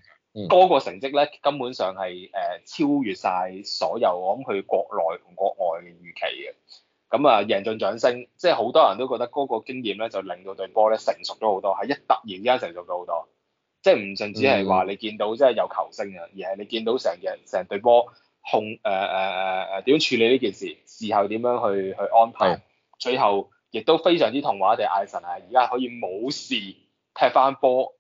嗰個成績咧根本上係誒超越晒所有我諗佢國內同國外嘅預期嘅，咁、嗯、啊贏盡掌聲，即係好多人都覺得嗰個經驗咧就令到隊波咧成熟咗好多，係一突然之間成熟咗好多，即係唔淨止係話你見到即係有球星啊，嗯、而係你見到成個人成隊波。控誒誒誒誒點樣處理呢件事？事後點樣去去安排？的最後亦都非常之童話，話，地，艾神啊，而家可以冇事踢翻波，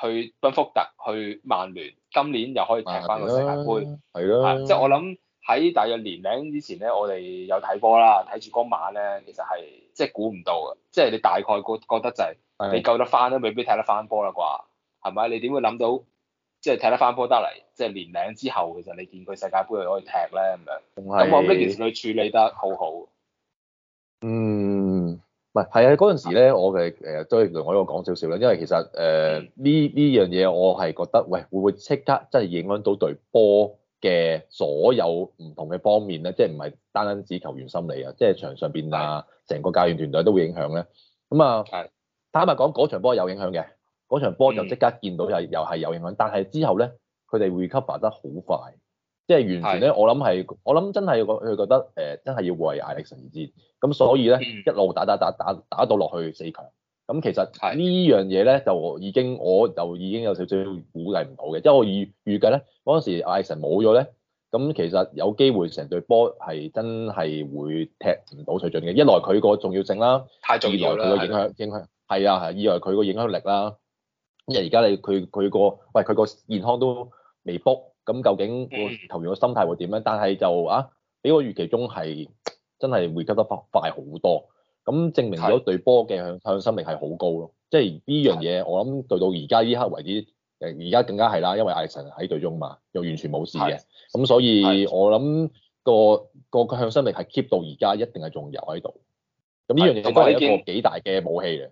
去賓福特，去曼聯，今年又可以踢翻個世界盃，係咯，即係的我諗喺大約年零之前咧，我哋有睇波啦，睇住嗰晚咧，其實係即係估唔到嘅，即、就、係、是、你大概覺覺得就係、是、你的的救得翻都未必踢得翻波啦啩，係咪？你點會諗到？即係踢得翻波得嚟，即係年零之後，其實你見佢世界盃可以踢咧咁樣。咁我諗呢件事佢處理得好好。嗯，唔係，係啊，嗰陣時咧，我嘅誒都係同我呢個講少少啦，因為其實誒呢呢樣嘢我係覺得，喂，會唔會即刻真係影響到隊波嘅所有唔同嘅方面咧？即係唔係單單指球員心理啊，即係場上邊啊，成個教練團隊都會影響咧。咁啊，係坦白講，嗰場波有影響嘅。嗰場波就即刻見到又又係有影響，但係之後咧，佢哋 recover 得好快，即係完全咧。我諗係我諗真係佢佢覺得誒真係要為艾力神而戰，咁所以咧，一路打打打打打到落去四強。咁其實呢樣嘢咧就已經我就已經有少少估計唔到嘅，因為我預預計咧嗰陣時艾力神冇咗咧，咁其實有機會成隊波係真係會踢唔到水準嘅。一來佢個重要性啦，二來佢個影響影響係啊，二來佢個影響力啦。因為而家你佢佢個喂佢個健康都未復，咁究竟個球員個心態會點咧？但係就啊，比我預期中係真係會急得快好多，咁證明咗隊波嘅向向心力係好高咯。是的 即係呢樣嘢，是的 我諗對到而家依刻為止，誒而家更加係啦，因為艾神喺隊中嘛，又完全冇事嘅，咁是的 所以是的 我諗、嗰個是的 個向心力係 keep 到而家一定係仲有喺度。咁呢樣嘢都係一個幾大嘅武器嘅。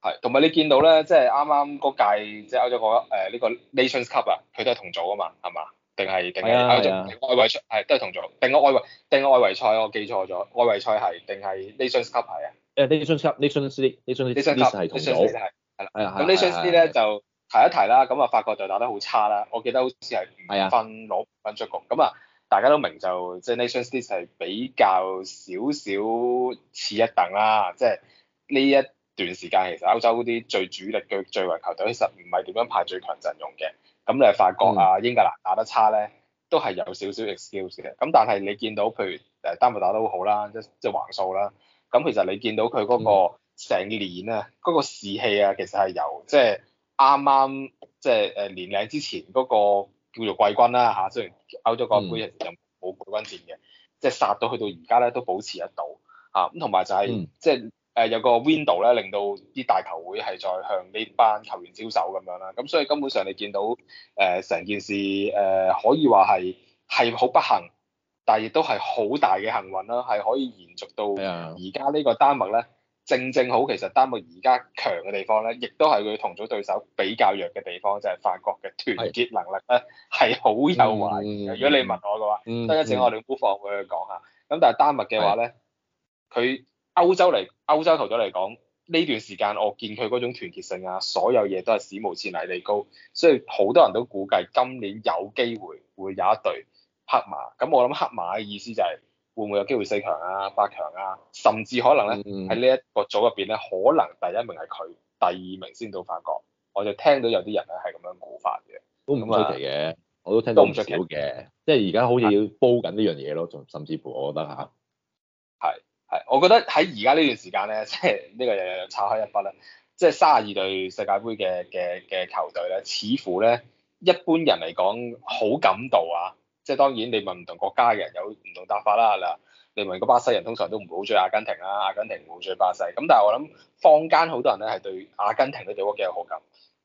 係，同埋你見到咧、那個，即係啱啱嗰屆即係歐洲嗰呢個 Nations Cup 啊，佢都係同組啊嘛，係嘛？定係定係歐洲外圍賽？係都係同組，定個外圍定個外圍賽？我記錯咗，外圍賽係定係 Nations Cup 係啊？誒 Nations Cup、Nations l e a g u p Nations n a t i o n Cup 係同組，係啦 Philadelphia。咁 Nations l e u e 咧就提一提啦。咁啊，法國就打得好差啦。我記得好似係五分攞分出局。咁啊，大家都明就即係 Nations l e u e 係比較少少似一等啦。即係呢一。段時間其實歐洲嗰啲最主力嘅最為球隊其實唔係點樣排最強陣容嘅，咁你係法國啊英格蘭打得差咧，都係有少少 excuse 嘅。咁但係你見到譬如誒丹麥打得好好啦，即即係橫掃啦，咁其實你見到佢嗰個成年啊，嗰、嗯、個士氣啊，其實係由即係啱啱即係誒年零之前嗰個叫做季軍啦嚇，雖然歐洲國家杯其實、嗯、就冇季軍戰嘅，即係殺到去到而家咧都保持得到啊咁，同埋就係即係。嗯誒有個 window 咧，令到啲大球會係在向呢班球員招手咁樣啦。咁所以根本上你見到誒成、呃、件事誒、呃、可以話係係好不幸，但亦都係好大嘅幸運啦。係可以延續到而家呢個丹麥咧，正正好其實丹麥而家強嘅地方咧，亦都係佢同組對手比較弱嘅地方，就係、是、法國嘅團結能力咧係好有懷疑。的如果你問我嘅話，得的一整我哋補課，我去講下。咁但係丹麥嘅話咧，佢的。歐洲嚟，歐洲球隊嚟講，呢段時間我見佢嗰種團結性啊，所有嘢都係史無前例地高，所以好多人都估計今年有機會會有一隊黑馬。咁我諗黑馬嘅意思就係會唔會有機會四強啊、八強啊，甚至可能咧喺呢一、嗯、個組入邊咧，可能第一名係佢，第二名先到法國。我就聽到有啲人咧係咁樣估法嘅，都唔出奇嘅，我都聽到唔出奇嘅，即係而家好似要煲緊呢樣嘢咯，仲甚至乎我覺得嚇。係，我覺得喺而家呢段時間咧，即係呢個又又又岔開一筆咧，即係三十二隊世界盃嘅嘅嘅球隊咧，似乎咧一般人嚟講好感度啊，即係當然你問唔同國家嘅人有唔同睇法啦嗱，你問個巴西人通常都唔好追阿根廷啦、啊，阿根廷唔會追巴西，咁但係我諗坊間好多人咧係對阿根廷嘅隊伍幾有好感，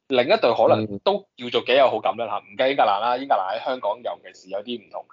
另一隊可能都叫做幾有好感啦嚇，唔計英格蘭啦，英格蘭喺香港尤其是有啲唔同，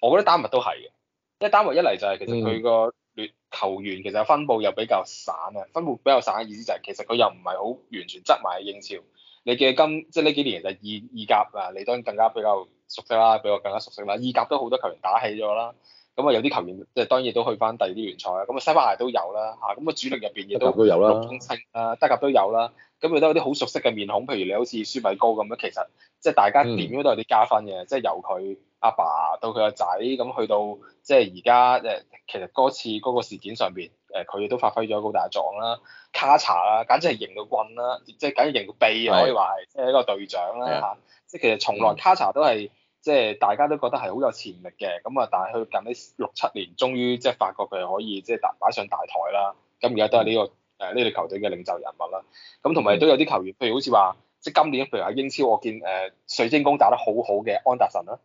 我覺得丹麥都係嘅，因為丹麥一嚟就係其實佢個。球員其實分佈又比較散啊，分佈比較散嘅意思就係其實佢又唔係好完全執埋喺英超。你嘅今即係呢幾年就二二甲啊，你當然更加比較熟悉啦，比我更加熟悉啦。二甲都好多球員打起咗啦，咁啊有啲球員即係當然都去翻第二啲聯賽啦，咁啊西班牙都有啦嚇，咁啊主力入邊亦都都有啦，啊德甲都有啦，咁亦都有啲好熟悉嘅面孔，譬如你好似舒米高咁樣，其實即係大家點都都有啲加分嘅，即係、嗯、由佢。阿爸，爸到佢個仔咁，去到即係而家誒，其實嗰次嗰個事件上邊誒，佢都發揮咗好大壯啦，卡查啦，簡直係型到棍啦，即係簡直型到痹，可以話即係一個隊長啦嚇。即係的其實從來卡查都係即係大家都覺得係好有潛力嘅咁啊，但係佢近呢六七年，年終於即係發覺佢可以即係打擺上大台啦。咁而家都係呢個誒呢隊球隊嘅領袖人物啦。咁同埋都有啲球員，譬如好似話即係今年譬如喺英超，我見誒水晶宮打得好好嘅安達臣啦。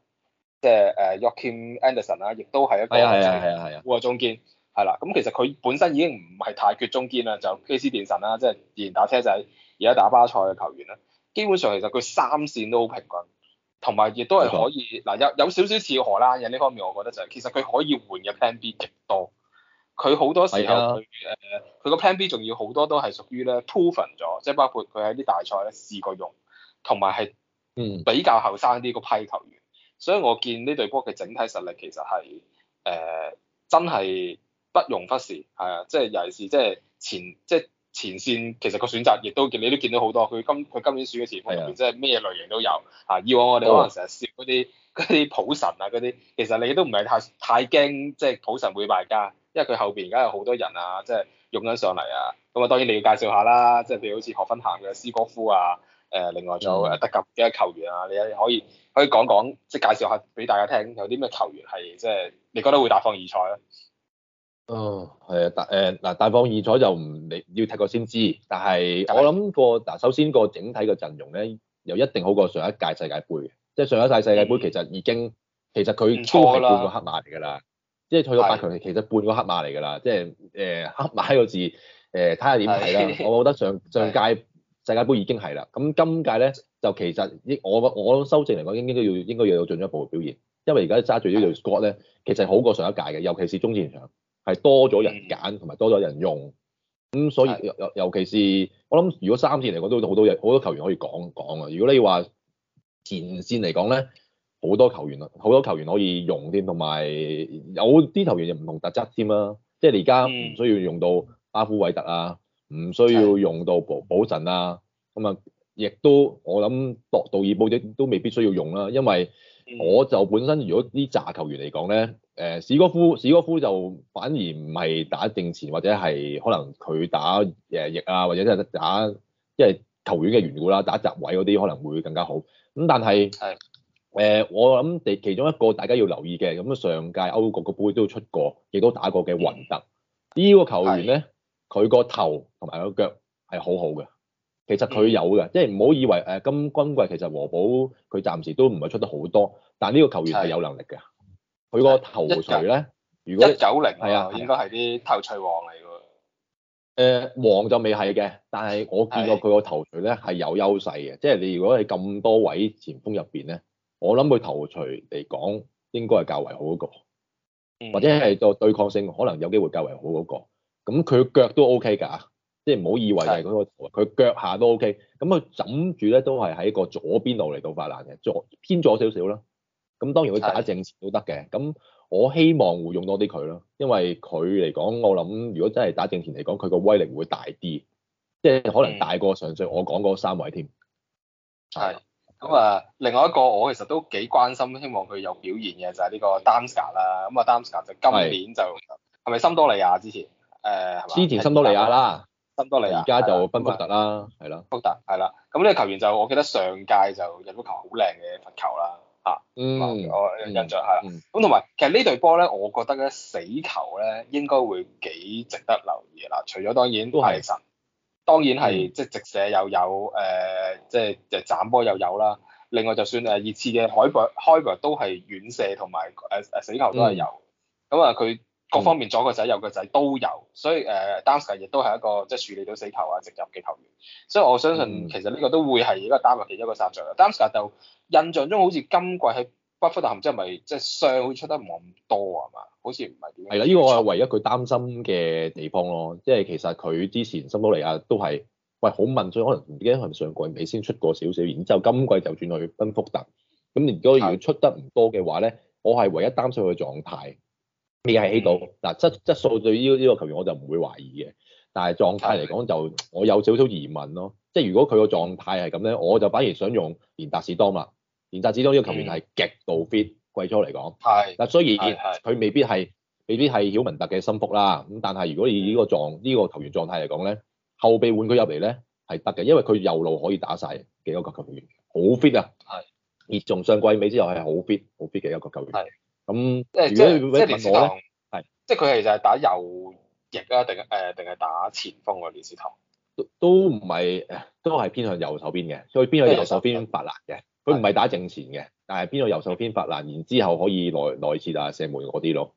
即係誒，Joachim Andersen 啦，亦都係一個係啊係啊係啊中堅係啦。咁其實佢本身已經唔係太缺中堅啦，就基斯甸臣啦，即係以前打車仔，而家打巴塞嘅球員啦。基本上其實佢三線都好平均，同埋亦都係可以嗱的，有有少少似荷蘭人呢方面，我覺得就係、係、其實佢可以換嘅 Plan B 極多。佢好多時候佢誒佢個 Plan B 仲要好多都係屬於咧 proven 咗，即係包括佢喺啲大賽咧試過用，同埋係比較後生啲個批球員。嗯所以我見呢隊波嘅整體實力其實係誒真係不容忽視，係啊，即係尤其是即係前即係前線，其實個選擇亦都你都見到好多。佢今佢今年選嘅前鋒入邊，即係咩類型都有。嚇，以往我哋可能成日笑嗰啲嗰啲普神啊，嗰啲其實你都唔係太太驚即係普神會敗家，因為佢後邊而家有好多人啊，即係湧緊上嚟啊。咁啊，當然你要介紹下啦，即係譬如好似何芬咸嘅斯哥夫啊。誒另外仲有誒得球嘅球員啊，你可以可以講講，即係介紹下俾大家聽，有啲咩球員係即係你覺得會大放異彩咧、oh, 嗯？嗯，係啊，大誒嗱大放異彩就唔你要踢過先知，但係我諗個嗱首先個整體個陣容咧，又一定好過上一屆世界盃嘅，即係上一屆世界盃其實已經其實佢超係半個黑馬嚟㗎錯啦，即係去咗八強其實半個黑馬嚟㗎啦，即係誒黑馬呢個字誒睇下點睇啦，呃、看看是的 我覺得上上屆。是的 世界盃已經係啦，咁今屆咧就其實我我修正嚟講應應該要應該要有進一步嘅表現，因為而家揸住呢條 squad 咧，其實好過上一屆嘅，尤其是中前場係多咗人揀同埋多咗人用，咁所以尤尤其是我諗，如果三線嚟講都好多好多球員可以講講啊。如果你話前線嚟講咧，好多球員啊，好多球員可以用添，同埋有啲球員又唔同特質添啦，即係你而家唔需要用到巴夫維特啊。唔需要用到保保陣啦，咁啊，亦都我諗度到二保的都未必需要用啦，因為我就本身如果啲炸球員嚟講咧，誒、呃、史哥夫史哥夫就反而唔係打正前或者係可能佢打誒翼啊或者真係打因為球員嘅緣故啦，打閘位嗰啲可能會更加好。咁但係誒、呃、我諗第其中一個大家要留意嘅咁啊，上屆歐國個杯都出過，亦都打過嘅雲特呢個球員咧。佢個頭同埋個腳係好好嘅，其實佢有嘅，嗯、即係唔好以為誒今軍季其實和保佢暫時都唔係出得好多，但係呢個球員係有能力嘅。佢個的頭槌咧，的如果一九零係啊，的應該係啲頭槌王嚟㗎。誒，王、呃、就未係嘅，但係我見過佢個頭槌咧係有優勢嘅，即係你如果喺咁多位前鋒入邊咧，我諗佢頭槌嚟講應該係較為好嗰個，或者係個對抗性可能有機會較為好嗰個。咁佢腳都 O K 㗎，即係唔好以為係嗰、那個，佢是的 腳下都 O、OK, K。咁佢枕住咧都係喺個左邊度嚟到發難嘅，左偏咗少少啦。咁當然佢打正前都得嘅。咁是的 我希望會用多啲佢咯，因為佢嚟講，我諗如果真係打正前嚟講，佢個威力會大啲，即係可能大過上上我講嗰三位添。係。咁啊，另外一個我其實都幾關心，希望佢有表現嘅就係呢個 Damsgaard 啦。咁啊 Damsgaard 就今年就係咪森多利亞之前？誒，之前森多利亞啦，而家就賓福特啦，係、嗯、啦，賓福特係啦，咁呢個球員就我記得上屆就入咗球好靚嘅罰球啦，嚇、嗯啊，我印象係、嗯、啦，咁同埋其實呢隊波咧，我覺得咧死球咧應該會幾值得留意啦，除咗當然都係神，即係嗯、當然係即係直射又有誒，即係誒斬波又有啦，另外就算誒熱刺嘅海柏都係遠射同埋誒誒死球都係有，咁啊佢。嗯各方面左個仔右個仔都有，所以誒、呃、Damsgaard 亦都係一個即係處理到死球啊、直入嘅球員，所以我相信、嗯、其實呢個都會係一個 Damsgaard 嘅一個殺著啦。嗯、Damsgaard 就印象中好似今季喺賓福特冚之後，咪即係上會出得唔咁多啊嘛，好似唔係點？係啦，呢、呢個我係唯一佢擔心嘅地方咯，即係其實佢之前森多利亞都係喂好問，所以可能唔記得係上季尾先出過少少，然之後今季就轉去賓福特。咁如果要出得唔多嘅話咧，我係唯一擔心佢嘅狀態。你係起到嗱質質素對呢呢個球員我就唔會懷疑嘅，但係狀態嚟講就我有少少疑問咯，即係如果佢個狀態係咁咧，我就反而想用連達士多嘛，連達士多呢個球員係極度 fit 季、嗯、初嚟講，係嗱雖然佢未必係未必係曉文特嘅心腹啦，咁但係如果以呢個狀呢是個球員狀態嚟講咧，後備換佢入嚟咧係得嘅，因為佢右路可以打晒幾、啊、是一個球員，好 fit 啊，係而仲上季尾之後係好 fit 好 fit 嘅一個球員。咁即係即係即係如果問我即係佢其實係打右翼啊，定誒定係打前鋒喎，電視頭都都唔係都係偏向右手邊嘅，所以偏向右手邊發難嘅。佢唔係打正前嘅，但係偏向右手邊發難，是的 然之後可以內內切啊、射門嗰啲咯。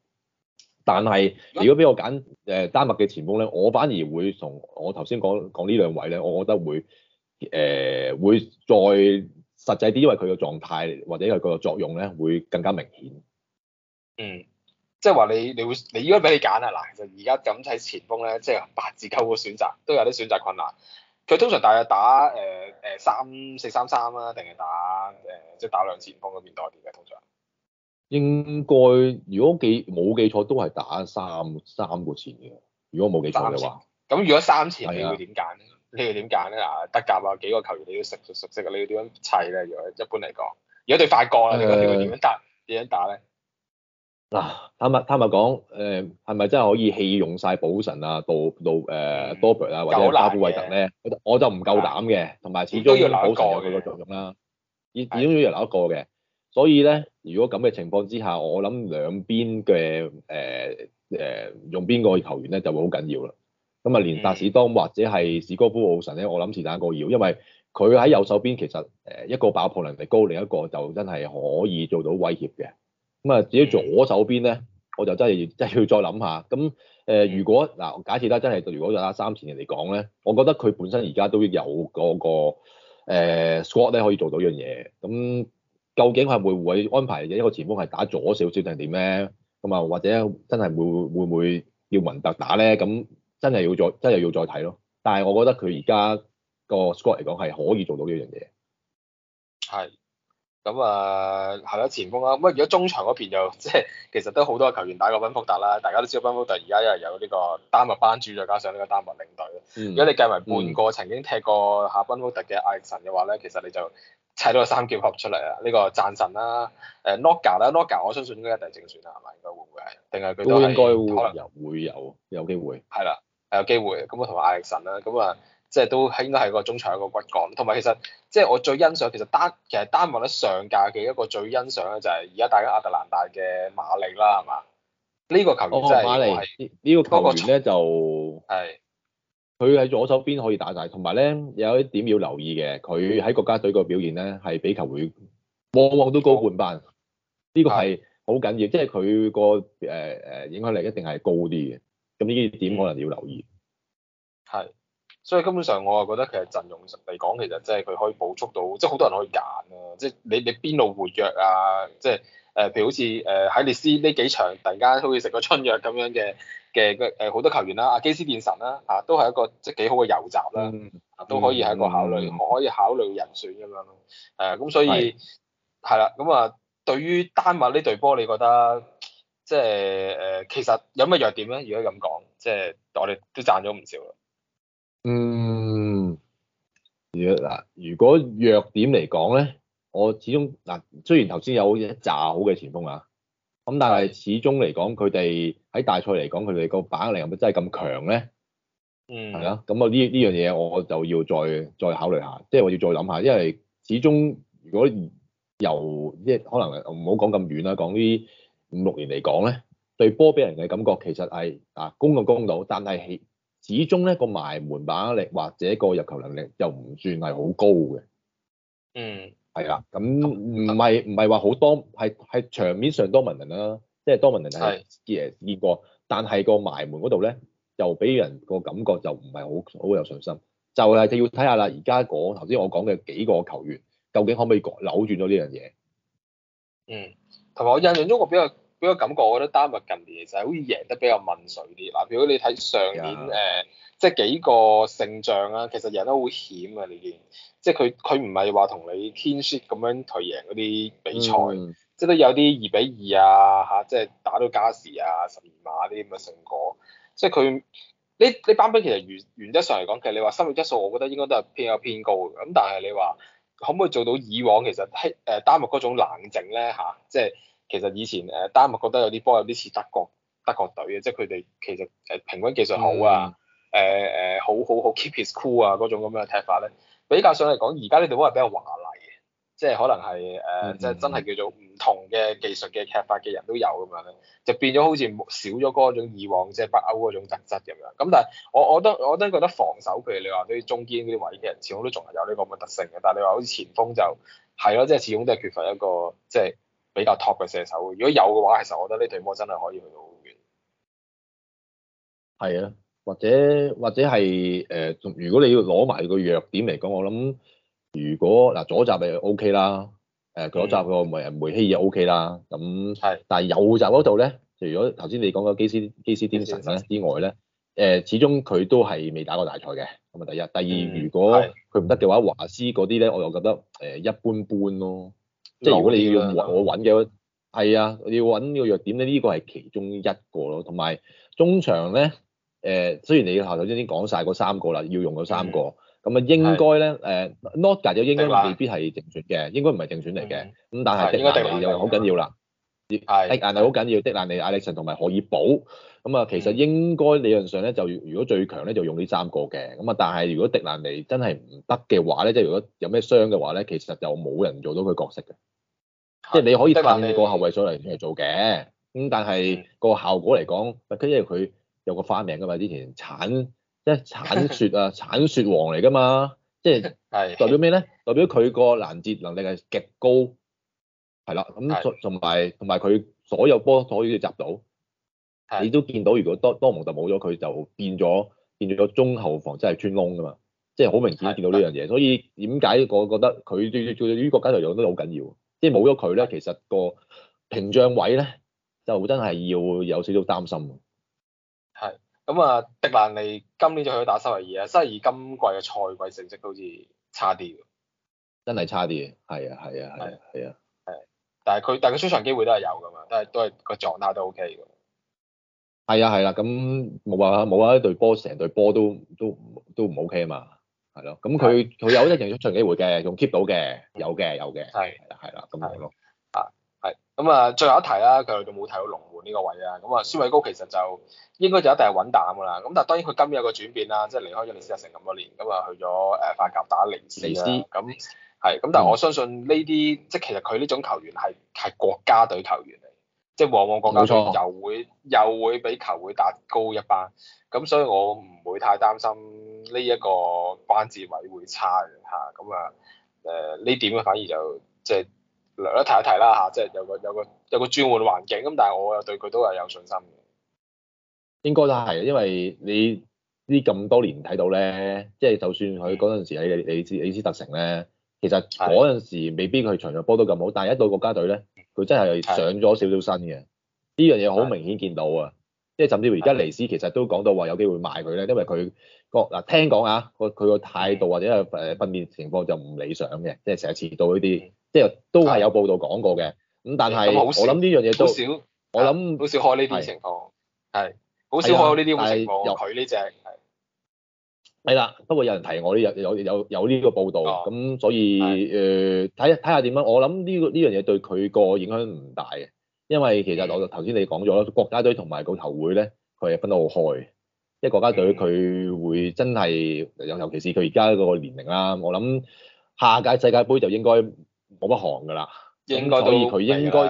但係如果俾我揀誒丹麥嘅前鋒咧，我反而會同我頭先講講呢兩位咧，我覺得會誒、呃、會再實際啲，因為佢嘅狀態或者因為佢個作用咧會更加明顯。嗯，即係話你你會你依家俾你揀啊嗱，其實而家咁睇前鋒咧，即係八字溝嘅選擇都有啲選擇困難。佢通常大約打誒誒三四三三啦，定、呃、係打誒、呃、即係打兩前鋒嗰邊多啲嘅通常。應該如果記冇記錯都係打三三個前嘅。如果冇記錯嘅話。咁如果三前你會點揀咧？是啊、你要點揀咧？嗱，德甲啊，幾個球員你都熟熟熟悉啊，你要點樣砌咧？如果一般嚟講，如果對法國啊，你覺得你會點樣打點、呃、樣打咧？嗱，坦白坦白講，誒，係、呃、咪真係可以棄用晒保神啊、到杜誒、多伯啊或者加布維特咧？夠我就唔夠膽嘅，同埋的始終保神有個作用啦，以始終要留一個嘅。所以咧，如果咁嘅情況之下，我諗兩邊嘅誒誒用邊個球員咧就會好緊要啦。咁啊，連達史多或者係史高夫奧神咧，我諗是但一個要，因為佢喺右手邊其實誒一個爆破能力高，另一個就真係可以做到威脅嘅。咁啊，嗯、至於左手邊咧，我就真係真係要再諗下。咁誒、呃，如果嗱，假設咧，真係如果阿三前人嚟講咧，我覺得佢本身而家都有、嗰個誒、呃、squad 咧，可以做到呢樣嘢。咁究竟係會唔會安排一個前鋒係打左少少定係點咧？咁啊，或者真係會會唔會要文特打咧？咁真係要，要再真係要再睇咯。但係我覺得佢而家個 squad 嚟講係可以做到呢樣嘢。係。咁啊，係啦、嗯，前鋒啦。咁啊，如果中場嗰邊又即係，其實都好多球員打過奔福特啦。大家都知道奔福特而家因為有呢個丹麥班主，再加上呢個丹麥領隊。嗯、如果你計埋半個曾經踢過下奔福特嘅艾力神嘅話咧，其實你就砌到個三劍俠出嚟啦。呢、這個讚神啦，誒、呃，諾格啦，n o 諾格，我相信應該一定係正選啦，係嘛？應該會唔會係？定係佢都係？都應該可能有會有會有機會。係啦，係有機會。咁我同埋艾力神啦。咁啊。即係都應該係個中場一個骨幹，同埋其實即係我最欣賞其實丹其實丹麥咧上架嘅一個最欣賞咧就係而家大家亞特蘭大嘅馬力啦係嘛？呢、這個球員真係馬力呢個球員咧就係佢喺左手邊可以打大，同埋咧有一點要留意嘅，佢喺國家隊個表現咧係比球會往往都高半班，呢、哦、個係好緊要，即係佢個誒誒影響力一定係高啲嘅，咁呢啲點可能要留意係。所以根本上我啊覺得其實陣容嚟講其實真係佢可以補足到，即係好多人可以揀啊。即、就、係、是、你你邊路活躍啊，即係誒，譬如好似誒喺列斯呢幾場突然間好似食個春藥咁樣嘅嘅誒好多球員啦、啊，阿基斯電神啦、啊、嚇、啊、都係一個即係幾好嘅遊集啦、啊嗯啊，都可以係一個考慮，嗯、可以考慮人選咁、啊、樣。誒、啊、咁所以係啦，咁啊是對於丹麥呢隊波，你覺得即係誒其實有咩弱點咧？如果咁講，即、就、係、是、我哋都賺咗唔少啦。嗯，如果嗱，如果弱點嚟講咧，我始終嗱，雖然頭先有一紮好嘅前鋒啊，咁但係始終嚟講，佢哋喺大賽嚟講，佢哋個把握力係咪真係咁強咧？嗯，係咯、啊，咁我呢呢樣嘢我就要再再考慮下，即係我要再諗下，因為始終如果由一可能唔好講咁遠啦，講呢五六年嚟講咧，對波俾人嘅感覺其實係啊攻個攻到，但係。始終咧、那個埋門把握力或者個入球能力又唔算係好高嘅。嗯，係啦，咁唔係唔係話好多，係係場面上多文人啦，即係多文人係見過，的但係個埋門嗰度咧，又俾人個感覺就唔係好好有信心，就係、係、要睇下啦、那個。而家嗰頭先我講嘅幾個球員，究竟可唔可以扭轉咗呢樣嘢？嗯，同埋我印象中我比較？俾個感覺，我覺得丹麥近年其實係好似贏得比較悶水啲。嗱，如果你睇上年誒 Yeah.、呃，即係幾個勝仗啦，其實贏得好險啊！你見，即係佢佢唔係話同你天書咁樣頹贏嗰啲比賽，mm. 即係都有啲二比二啊嚇、啊，即係打到加時啊、十二碼啲咁嘅成果。即係佢呢呢班兵其實原原則上嚟講，其實你話生活質素，我覺得應該都係偏有偏高嘅。咁但係你話可唔可以做到以往其實喺丹麥嗰種冷靜咧吓、啊，即係？其實以前誒丹麥覺得有啲波有啲似德國德國隊嘅，即係佢哋其實誒平均技術好啊，誒誒、嗯呃、好好好 keep his cool 啊嗰種咁樣嘅踢法咧，比較上嚟講，而家呢度波係比較華麗嘅，即係可能係誒、呃嗯、即係真係叫做唔同嘅技術嘅踢法嘅人都有咁樣咧，嗯、就變咗好似少咗嗰種以往即係北歐嗰種特質咁樣。咁但係我我都我都覺得防守，譬如你話啲中堅嗰啲位嘅人，始終都仲係有呢個咁嘅特性嘅。但係你話好似前鋒就係咯，即係始終都係缺乏一個即係。就係比較 top 嘅射手，如果有嘅話，其實我覺得呢隊波真係可以去到好遠。係啊，或者或者係誒、呃，如果你要攞埋個弱點嚟講，我諗如果嗱、呃、左閘係 OK 啦，誒、呃、左閘個梅梅希爾又 OK 啦，咁係、嗯，但係右閘嗰度咧，如果頭先你講嘅基斯基斯丁神咧之外咧，誒、呃、始終佢都係未打過大賽嘅，咁啊第一，第二、嗯、如果佢唔得嘅話，華斯嗰啲咧，我又覺得誒一般般，般咯。即係如果你要用我揾嘅，係啊，你要揾個弱點咧，呢、這個係其中一個咯。同埋中場咧，誒、呃，雖然你頭先已經講曬嗰三個啦，要用嗰三個，咁啊應該咧，誒 notger 就應該未是、呃、必係正選嘅，位應該唔係正選嚟嘅，咁但係迪亞又係好緊要啦。係迪蘭係好緊要，迪蘭尼、艾力臣同埋可以寶咁啊。其實應該理論上咧，就如果最強咧，就用呢三個嘅。咁啊，但係如果迪蘭尼真係唔得嘅話咧，即、就、係、是、如果有咩傷嘅話咧，其實就冇人做到佢角色嘅。的即係你可以襯個後衛上嚟嚟做嘅。咁但係個效果嚟講，特別因為佢有個花名噶嘛，之前鏟即係鏟雪啊，鏟 *laughs* 雪王嚟噶嘛，即係代表咩咧？的代表佢個攔截能力係極高。係啦，咁同埋同埋佢所有波都可以集到，你都見到。如果多多蒙特冇咗佢，就變咗變咗個中後防真係穿窿噶嘛，即係好明顯見到呢樣嘢。所以點解我覺得佢對於對於對於國家隊嚟講都好緊要？即係冇咗佢咧，其實個屏障位咧就真係要有少少擔心。係，咁啊，迪蘭尼今年就去打西維爾啊。西維爾今季嘅賽季成績好似差啲㗎。真係差啲嘅，係啊，係啊，係啊，係啊。但係佢，但係佢、OK OK、的出場機會都係有噶嘛，都係都係個狀態都 O K 噶。係啊係啦，咁冇辦法，冇啊！隊波成隊波都都都唔 O K 啊嘛，係咯。咁佢佢有一定出場機會嘅，用 keep 到嘅，有嘅有嘅，係係啦，咁樣咯。啊的，係。咁啊，最後一提啦，佢仲冇睇到龍門呢個位啊。咁啊，舒米高其實就應該就一定係穩膽噶啦。咁但係當然佢今日有個轉變啦，即係離開咗李斯特城咁多年，咁啊去咗誒法甲打零四啊咁。斯係咁，但係我相信呢啲，即係其實佢呢種球員係係國家隊球員嚟，即係往往國家隊沒錯 又會又會俾球會打高一班，咁所以我唔會太擔心呢一個關節位會差嘅。咁啊誒呢、呃、點咧反而就即係略一提一提啦嚇，即、啊、係、就是、有個有個有個轉換環境，咁但係我又對佢都係有信心嘅。應該都係啊，因為你呢咁多年睇到咧，即、就、係、是、就算佢嗰陣時喺你你知你知特城咧。其實嗰陣時未必佢場場波到咁好，但係一到國家隊咧，佢真係上咗少少身嘅。呢樣嘢好明顯見到啊，即係甚至乎而家尼斯其實都講到話有機會賣佢咧，因為佢個嗱，聽講啊，個佢個態度或者係誒訓練情況就唔理想嘅，即係成日遲到呢啲，即係都係有報道講過嘅。咁但係我諗呢樣嘢都，少，我諗好少開呢啲情況，係好少開到呢啲情況。佢呢只。係啦，不過有人提我呢日有有有呢個報導，咁、哦、所以誒睇睇下點樣。我諗呢、這個呢樣嘢對佢個影響唔大嘅，因為其實我頭先、嗯、你講咗啦，國家隊同埋個球會咧，佢係分得好開。即係國家隊佢會真係、嗯、尤其是佢而家個年齡啦，我諗下屆世界盃就應該冇乜行噶啦，應該所以佢應該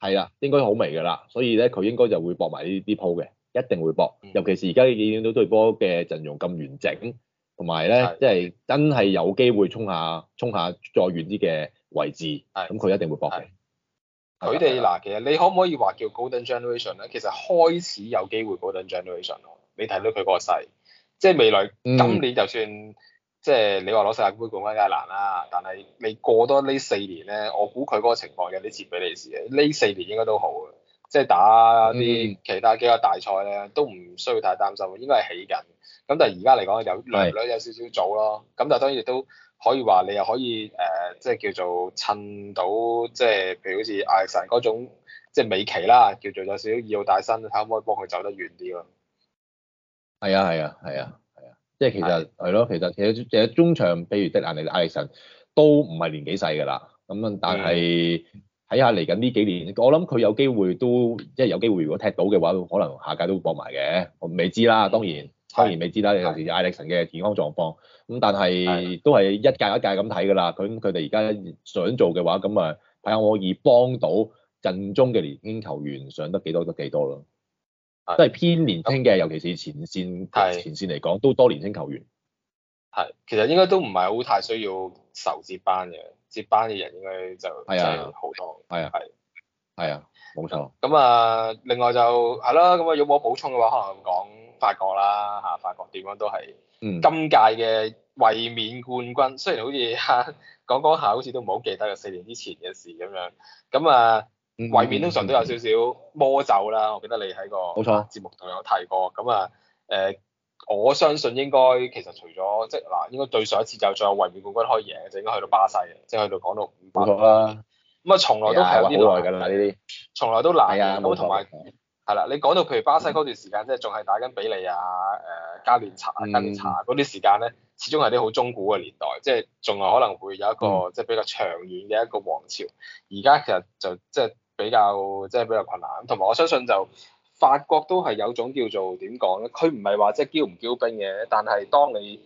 係啦，應該好微噶啦，所以咧佢應該就會搏埋呢啲鋪嘅。一定會搏，尤其是而家你見到隊波嘅陣容咁完整，同埋咧，即係是真係有機會衝下衝下再遠啲嘅位置，咁佢是一定會搏佢哋嗱，其實你可唔可以話叫 Golden Generation 咧？其實開始有機會 Golden Generation 咯。你睇到佢個勢，即係未來今年就算即係、嗯、你話攞世界盃冠軍梗係難啦，但係你過多呢四年咧，我估佢嗰個情況有啲似比利時嘅。呢四年應該都好，好即係打啲其他幾個大賽咧，都唔需要太擔心，應該係起緊。咁但係而家嚟講，有略略有少少早咯。咁是的 但係當然亦都可以話，你又可以誒、呃，即係叫做襯到，即係譬如好似艾神嗰種，即係美奇啦，叫做有少少二號大新，睇可唔可以幫佢走得遠啲咯？係啊，係啊，係啊，係啊，即係其實係咯，其實其實其實中場譬如迪亞尼、艾神都唔係年紀細㗎啦。咁樣但係。睇下嚟緊呢幾年，我諗佢有機會都，即係有機會如果踢到嘅話，可能下屆都會博埋嘅。我未知啦，當然當然未知啦。尤其是艾力神嘅健康狀況，咁但係的都係一屆一屆咁睇㗎啦。佢佢哋而家想做嘅話，咁啊睇下我可以幫到陣中嘅年輕球員上得幾多得幾多咯。都係偏年輕嘅，的尤其是前線是的前線嚟講，都多年輕球員。係，其實應該都唔係好太需要授接班嘅。接班嘅人應該就即係好多，係啊，係，係啊，冇、啊、錯。咁啊，另外就係咯，咁啊，有冇補充嘅話，可能講法國啦嚇、啊，法國點樣都係今屆嘅衛冕冠軍。雖然好似、啊、講講下，好似都唔好記得嘅四年之前嘅事咁樣。咁啊，衛冕通常都有少少魔咒啦，嗯嗯嗯、我記得你喺個冇錯節目度有提過。咁啊，誒、啊。我相信應該其實除咗即嗱，應該對上一次就仲有衛冕冠軍開嘢，就應該去到巴西，即係去到講到五六啦。咁啊、嗯，從來都係好耐㗎喇，呢啲，哎、從來都難。咁同埋係啦，你講到譬如巴西嗰段時間，即係仲係打緊比利亞、誒加連查、登查嗰啲時間咧，始終係啲好中古嘅年代，即係仲係可能會有一個即係、嗯、比較長遠嘅一個王朝。而家其實就即係比較即係比較困難，同埋我相信就。法國都係有種叫做點講咧，佢唔係話即係驕唔驕兵嘅，但係當你誒、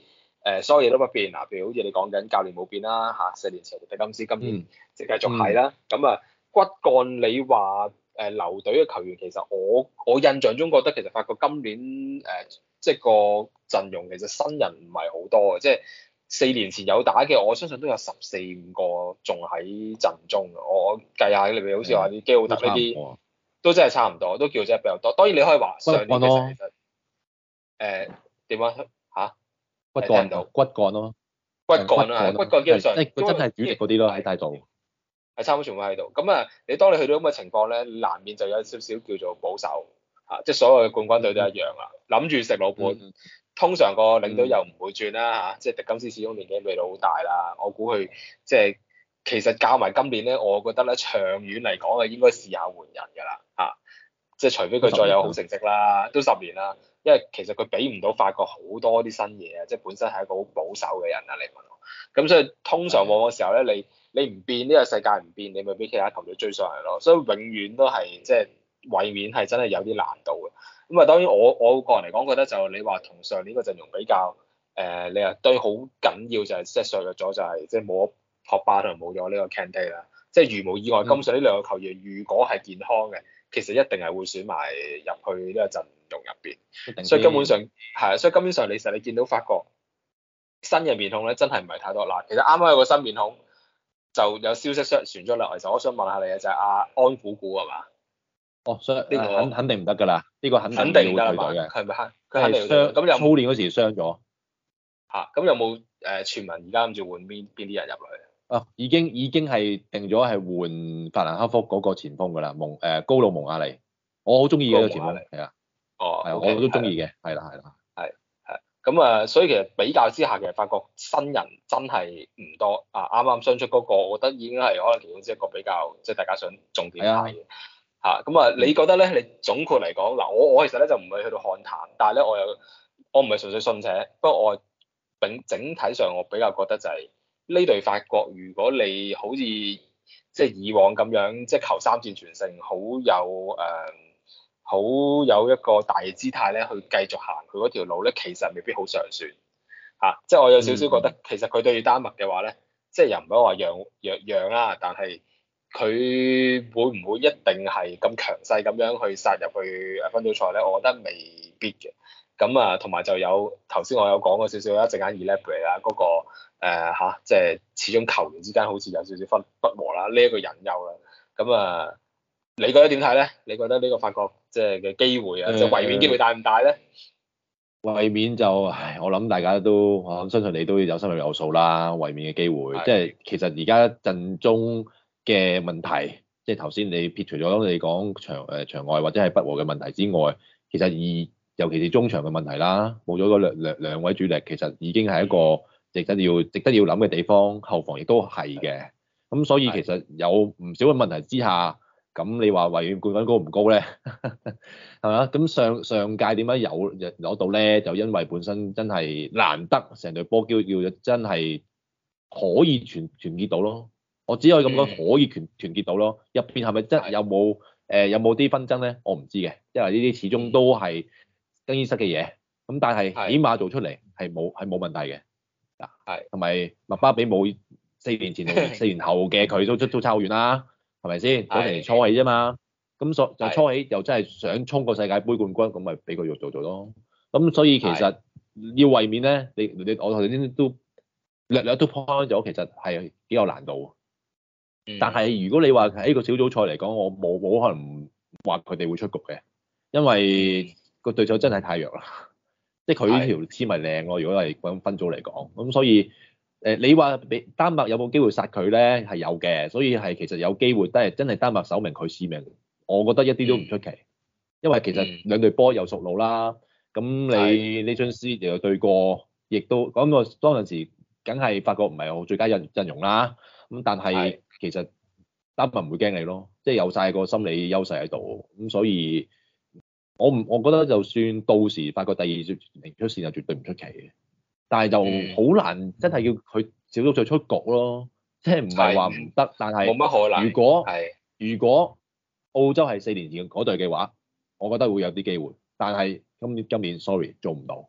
呃、所有嘢都不變，嗱，譬如好似你講緊教練冇變啦嚇，四年前嘅迪金斯今年即係繼續係啦，咁啊、嗯、骨幹你話誒留隊嘅球員，其實我我印象中覺得其實法國今年誒、呃、即係個陣容其實新人唔係好多嘅，即係四年前有打嘅，我相信都有十四五個仲喺陣中嘅，我計下，你如好似話基奧特呢啲、嗯。些都真係差唔多，都叫真係比較多。當然你可以話上年成、就是，誒點樣骨幹度骨幹咯，骨幹啊，呃、啊骨幹基、啊、本、啊啊、上，即真係主力嗰啲咯喺大度。係差唔多全部喺度。咁啊，你當你去到咁嘅情況咧，難免就有少少叫做保守嚇、啊，即係所有嘅冠軍隊都一樣啦。諗住食老本，嗯、通常個領隊又唔會轉啦嚇。嗯、即係迪金斯，始終年紀未到好大啦，我估佢即係。即其實教埋今年咧，我覺得咧，長遠嚟講啊，應該試下換人噶啦，吓，即係除非佢再有好成績啦，嗯、都十年啦，因為其實佢俾唔到法國好多啲新嘢啊，即係本身係一個好保守嘅人啊，你問我，咁所以通常往嘅時候咧，你你唔變呢、這個世界唔變，你咪俾其他球隊追上嚟咯，所以永遠都係即係衛冕係真係有啲難度嘅，咁啊，當然我我個人嚟講，覺得就你話同上年個陣容比較，誒、呃，你又對好緊要就係 set 削弱咗就係、是、即係冇。托霸就冇咗呢個 Candy 啦，即係、嗯、如無意外，今上呢兩個球員如果係健康嘅，其實一定係會選埋入去呢個陣容入邊。所以根本上係啊，所以根本上你實你見到發覺新嘅面孔咧，真係唔係太多啦。其實啱啱有個新面孔就有消息傳傳出嚟，其實我想問，問下你啊，就係、是、阿、啊、安虎古係嘛？哦，所以呢個肯肯定唔得㗎啦，呢、這個肯定唔會入隊嘅。係咪？佢係傷咁又？有有操練嗰時傷咗吓，咁、啊、有冇誒傳聞而家諗住換邊邊啲人入嚟？啊啊，已經已經係定咗係換法蘭克福嗰個前鋒噶啦，蒙誒高路蒙亞尼，我好中意嘅個前鋒，係啊，哦，係我都中意嘅，係啦係啦，係係，咁啊，所以其實比較之下其實，發覺新人真係唔多啊，啱啱傷出嗰個，我覺得已經係可能其中一個比較，即係大家想重點睇嘅嚇，咁啊，你覺得咧？你總括嚟講嗱，我我其實咧就唔係去到看淡，但係咧我又我唔係純粹信者，不過我整整體上我比較覺得就係。呢隊法國，如果你好似即係以往咁樣，即係求三戰全勝，好有誒，好、呃、有一個大嘅姿態咧，去繼續行佢嗰條路咧，其實未必好上算嚇、啊。即係我有少少覺得，嗯、其實佢對丹麥嘅話咧，即係又唔好話讓弱讓啦、啊，但係佢會唔會一定係咁強勢咁樣去殺入去誒分組賽咧？我覺得未必嘅。咁啊，同埋就有頭先我有講過少少啦，一陣間 elaborate 啦，嗰個誒即係始終球員之間好似有少少分不和啦，呢、這、一個人又啦，咁啊，你覺得點睇咧？你覺得呢個法國即係嘅機會啊，即係的衛冕機會大唔大咧？衛冕就唉，我諗大家都嚇，我相信你都有心裏有數啦。衛冕嘅機會，即係的其實而家陣中嘅問題，即係頭先你撇除咗你講場誒場外或者係不和嘅問題之外，其實以……尤其是中場嘅問題啦，冇咗嗰兩兩位主力，其實已經係一個值得要值得要諗嘅地方。後防亦都係嘅，咁所以其實有唔少嘅問題之下，咁你話衛冕冠軍高唔高咧？係咪啊？咁上上屆點解有攞到咧？就因為本身真係難得成隊波叫，叫真係可以團團結到咯。我只可以咁講，可以團團結到咯。入邊係咪真係有冇誒有冇啲、呃、紛爭咧？我唔知嘅，因為呢啲始終都係。更衣室嘅嘢，咁但係起碼做出嚟係冇係冇問題嘅，啊係同埋麥巴比冇四年前 *laughs* 四年後嘅佢都都差好遠啦，係咪先嗰陣時初起啫嘛，咁所就初起又真係想衝個世界盃冠軍，咁咪俾佢肉做做咯，咁所以其實要衛冕咧，你你我頭先都略略，略都 point 咗，其實係幾有難度，嗯、但係如果你話喺個小組賽嚟講，我冇冇可能話佢哋會出局嘅，因為個對手真係太弱啦，即係佢條籤咪靚咯。如果係講分組嚟講，咁所以誒，你話俾丹麥有冇機會殺佢咧？係有嘅，所以係其實有機會都係真係丹麥首名佢輸名，我覺得一啲都唔出奇，嗯、因為其實兩隊波又熟路啦。咁你呢 Nations League 又對過，亦都講過，當陣時梗係發覺唔係好最佳陣陣容啦。咁但係其實丹麥唔會驚你咯，即係有晒個心理優勢喺度，咁所以。我唔，我覺得就算到時法國第二年出線，就絕對唔出奇嘅。但係就好難，真係要佢少咗再出局咯。即係唔係話唔得，但係冇乜可能。如果如果澳洲係四年前嗰隊嘅話，我覺得會有啲機會。但係今年今年，sorry，做唔到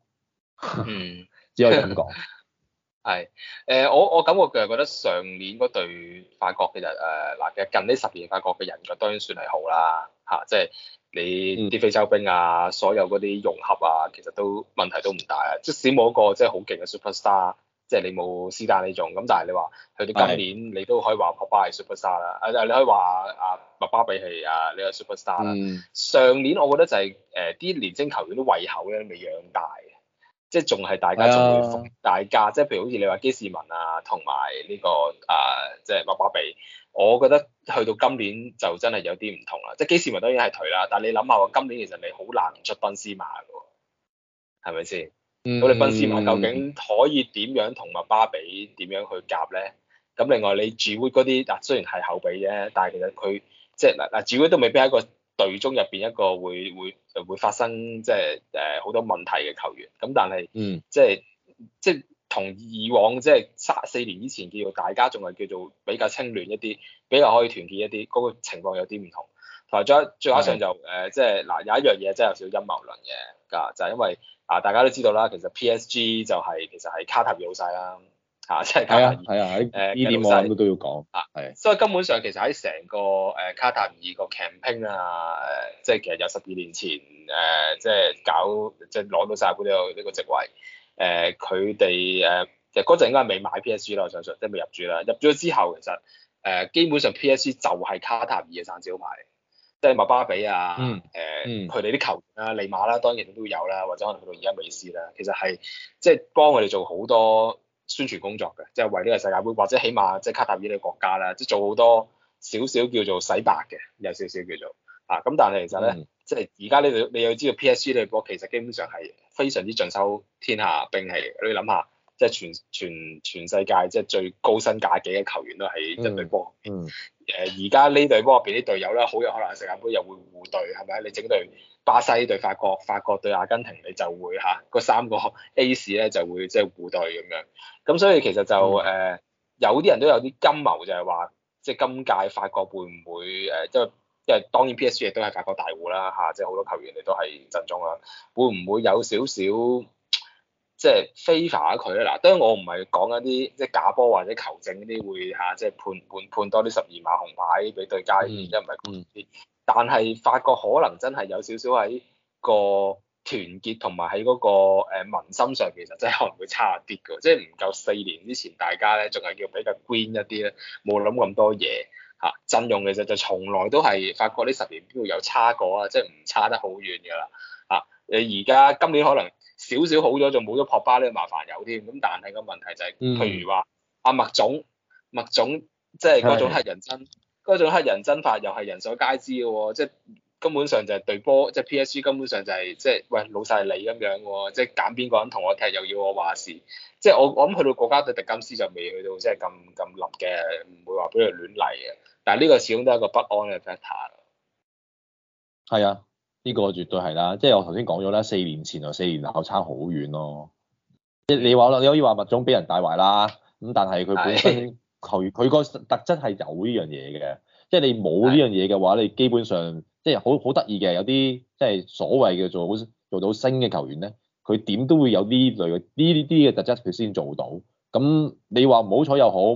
嗯。 *laughs* 嗯，只可以咁講。係，誒，我我感覺就係覺得上年嗰隊法國嘅人，誒、呃、嗱，其實近呢十年法國嘅人才當然算係好啦，嚇、啊，即係。你啲非洲兵啊，所有嗰啲融合啊，其實都問題都唔大啊。即使冇一個真係好勁嘅 superstar，即係你冇斯丹呢種咁，但係你話去到今年，的你都可以話博巴係 superstar 啦。啊，你可以話啊，麥巴比係啊呢個 superstar 啦。Super 了嗯、上年我覺得就係誒啲年青球員啲胃口咧未養大，即係仲係大家仲會服大家，啊、即係譬如好似你話基士文啊，同埋呢個啊，即係麥巴比。我覺得去到今年就真係有啲唔同啦，即係基士文當然係頹啦，但係你諗下喎，今年其實你好難唔出賓斯馬嘅喎，係咪先？咁你賓斯馬究竟可以點樣同麥巴比點樣去夾咧？咁另外你主會嗰啲嗱雖然係後備啫，但係其實佢即係嗱嗱主會都未必係一個隊中入邊一個會會會發生即係誒好多問題嘅球員，咁但係即係即係。同以往即係三四年以前叫做大家仲係叫做比較清廉一啲，比較可以團結一啲，嗰個情況有啲唔同。同埋再再加上就誒，即係嗱有一樣嘢真係有少少陰謀論嘅，噶就係、是、因為啊大家都知道啦，其實 P S G 就係、是、其實係卡塔爾老細啦，啊即係係啊係啊，誒呢點我諗都要講啊係。呃、的所以根本上其實喺成個誒卡塔爾個 campaign 啊，誒即係其實有十二年前誒即係搞即係攞到世盃呢個呢個席位。誒佢哋誒，其實嗰陣應該未買 PSG 啦，我相信，即係未入住啦。入咗之後，其實誒基本上 PSG 就係卡塔爾嘅賺錢招牌，即係麥巴比啊，誒佢哋啲球員、啊、利馬啦、啊，當然都有啦、啊，或者可能去到而家美斯啦，其實係即係幫佢哋做好多宣傳工作嘅，即係為呢個世界盃，或者起碼即係卡塔爾呢個國家啦，即係做好多少少叫做洗白嘅，有少少叫做啊。咁但係其實咧，即係而家呢度，嗯嗯、你有知道 PSG 嘅波，其實基本上係。非常之盡收天下兵器。你諗下，即係全全全世界即係最高薪價幾嘅球員都喺一隊波，嗯。嗯。誒，而家呢隊波入邊啲隊友咧，好有可能世界盃又會互隊，係咪你整隊巴西對法國，法國對阿根廷，你就會嚇個三個 A 市咧，就會即係互隊咁樣。咁所以其實就誒，嗯、有啲人都有啲金謀就，就係話即係今屆法國會唔會誒即係？就是即係當然 PSG 亦都係法國大戶啦嚇，即係好多球員你都係陣中啦。會唔會有少少即係 favor 佢咧？嗱，當然我唔係講一啲即係假波或者球證嗰啲會嚇，即係判判判多啲十二碼紅牌俾對家，而家唔係咁啲。嗯、但係法國可能真係有少少喺個團結同埋喺嗰個誒民心上，其實真係可能會差啲嘅，即係唔夠四年之前大家咧仲係叫比較 green 一啲咧，冇諗咁多嘢。啊，陣容其實就從來都係法國呢十年邊度有差過啊，即係唔差得好遠㗎啦。啊，誒而家今年可能少少好咗，就冇咗撲巴呢個麻煩友添。咁但係個問題就係、是，譬如話阿、啊、麥總，麥總即係嗰種黑人憎，嗰的種黑人憎法又係人所皆知嘅喎、哦，即係。根本上就係對波，即係 P.S.G 根本上就係即係，喂，老細你咁樣喎，即係揀邊個人同我踢又要我話事，即係我我諗去到國家隊迪金斯就未去到即係咁咁臨嘅，唔會話俾佢亂嚟嘅。但係呢個始終都係一個不安嘅 factor。係啊，呢個絕對係啦，即係我頭先講咗啦，四年前同四年後差好遠咯。即係你話啦，你可以話物種俾人帶壞啦，咁但係佢本身球員佢個特質係有呢樣嘢嘅。即係你冇呢樣嘢嘅話，你基本上即係好好得意嘅，有啲即係所謂嘅做做到星嘅球員咧，佢點都會有呢類嘅呢啲啲嘅特質，佢先做到。咁你話唔好彩又好，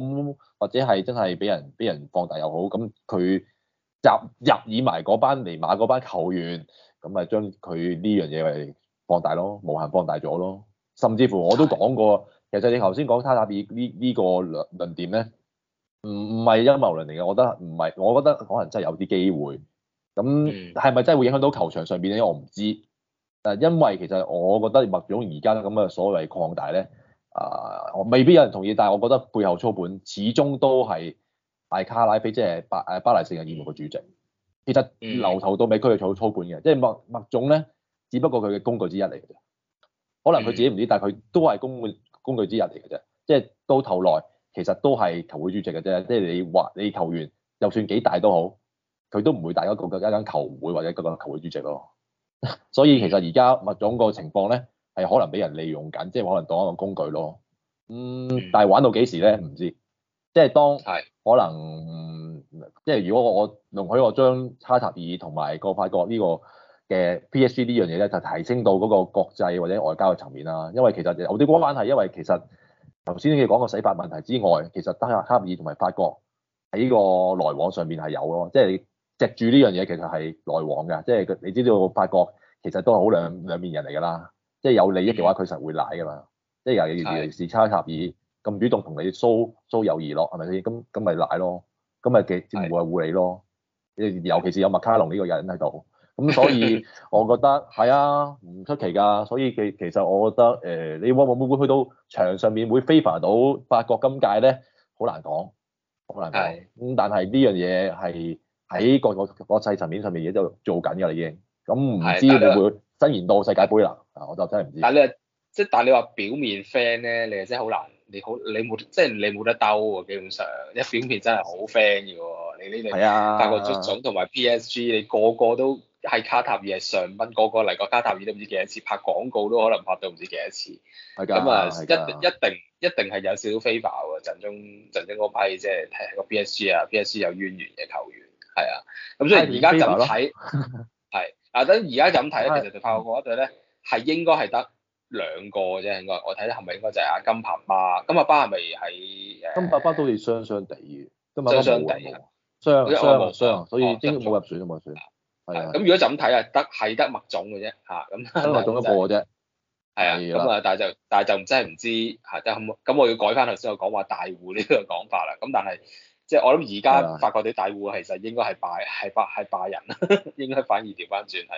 或者係真係俾人俾人放大又好，咁佢集入耳埋嗰班尼馬嗰班球員，咁咪將佢呢樣嘢嚟放大咯，無限放大咗咯。甚至乎我都講過，是的 其實你頭先講卡塔爾呢呢個論論點咧。唔唔係陰謀論嚟嘅，我覺得唔係，我覺得可能真係有啲機會。咁係咪真係會影響到球場上邊咧？我唔知。誒，因為其實我覺得麥總而家咁嘅所謂擴大咧，啊、呃，我未必有人同意，但係我覺得背後操盤始終都係大卡拉菲，即、就、係、是、巴誒巴黎聖嘅業務嘅主席。其實由頭到尾佢係做操盤嘅，即係麥麥總咧，只不過佢嘅工具之一嚟嘅啫。可能佢自己唔知，嗯、但係佢都係工具工具之一嚟嘅啫。即係到頭來。其實都係球會主席嘅啫，即係你話你球員就算幾大都好，佢都唔會大家個一間球會或者個球會主席咯。 *laughs* 所以其實而家呢種個情況咧，係可能俾人利用緊，即係可能當一個工具咯。嗯，但係玩到幾時咧？唔知。即係當係是的 可能，即係如果我容許我將卡塔爾同埋個法國個個呢個嘅 PSG 呢樣嘢咧，就提升到嗰個國際或者外交嘅層面啦。因為其實有啲關係，因為其實。頭先你講個洗法問題之外，其實卡克塔爾同埋法國喺呢個來往上面係有咯，即係你籍住呢樣嘢，其實係來往嘅，即係你知道法國其實都係好兩兩面人嚟噶啦，即係有利益嘅話，佢實會賴噶嘛，即係例如例如是卡塔爾咁主動同你 show show 友誼咯，係咪先？咁咁咪賴咯，咁咪嘅即係護護你咯，誒，尤其是有麥卡龍呢個人喺度。咁 *laughs* 所以，我覺得係啊，唔出奇㗎。所以其其實我覺得，誒、呃，你望望會唔會去到場上面會 favor 到法國今屆咧？好難講，好難講。咁是、嗯、但係呢樣嘢係喺個個國際層面上面嘢都做緊㗎啦已經。咁、嗯、唔知會唔會伸延到世界盃啦？啊，我就真係唔知但、就是。但係你即係，但係你話表面 friend 咧，你係真係好難。你好，你冇即係你冇得兜喎。基本上一表面真係好 friend 嘅喎。你呢啊，法國總統同埋 P S, G，你個個,個都。都都係卡塔爾係上賓，個個嚟個卡塔爾都唔知幾多次，拍廣告都可能拍到唔知幾多次。咁啊一一定一定係有少少飛跑嘅，陣中陣中嗰批即係係個 P S G 啊，P S G 有淵源嘅球員係啊。咁所以而家咁睇係啊，等而家就咁睇其實對翻嗰一隊咧係應該係得兩個啫。應該我睇咧，係咪應該就係阿金帕巴？巴巴是是金帕巴係咪喺金爸巴都係傷傷哋，金帕巴冇雙雙雙，所以應該冇入選都冇入選。哦。係咁，如果就咁睇啊，得係得麥總嘅啫嚇，咁麥總一個啫，係啊，咁啊，但係就但係就唔真係唔知嚇，即咁，我要改翻頭先我講話大戶呢個講法啦。咁但係即係我諗而家發覺啲大戶其實應該係拜係拜係拜仁，應該反而調翻轉係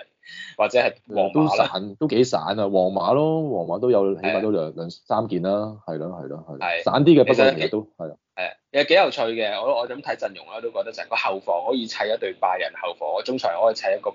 或者係皇馬都散都幾散啊，皇馬咯，皇馬都有起碼都兩兩三件啦，係咯係咯係，散啲嘅不過其實都係啊，係。又幾有趣嘅，我我點睇陣容咧，都覺得成個後防可以砌一隊拜仁後防，中場可以砌一個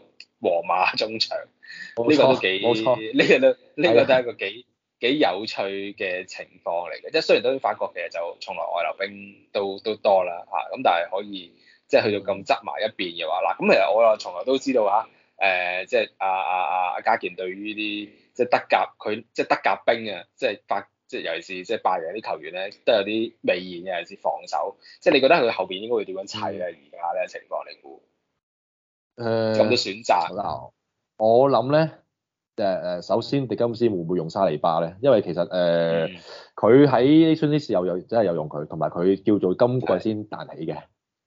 皇馬中場，呢錯個都幾，呢錯、呢個呢個都呢的個都係一個幾幾有趣嘅情況嚟嘅。即係雖然對於法國其實就從來外流兵都都多啦嚇，咁但係可以即係、就是、去到咁擠埋一邊嘅話，嗱咁其實我又從來都知道嚇，誒即係阿阿阿阿家健對於啲即係德甲佢即係德甲兵啊，即、就、係、是、法。即係尤其是即係拜仁啲球員咧，都有啲明顯嘅，尤其是防守。即係你覺得佢後邊應該會點樣砌咧？而家呢情況你估。誒咁多選擇。呃、我諗咧，誒誒，首先迪金斯會唔會用沙尼巴咧？因為其實誒，佢喺呢陣時又有真係有用佢，同埋佢叫做今季先彈起嘅。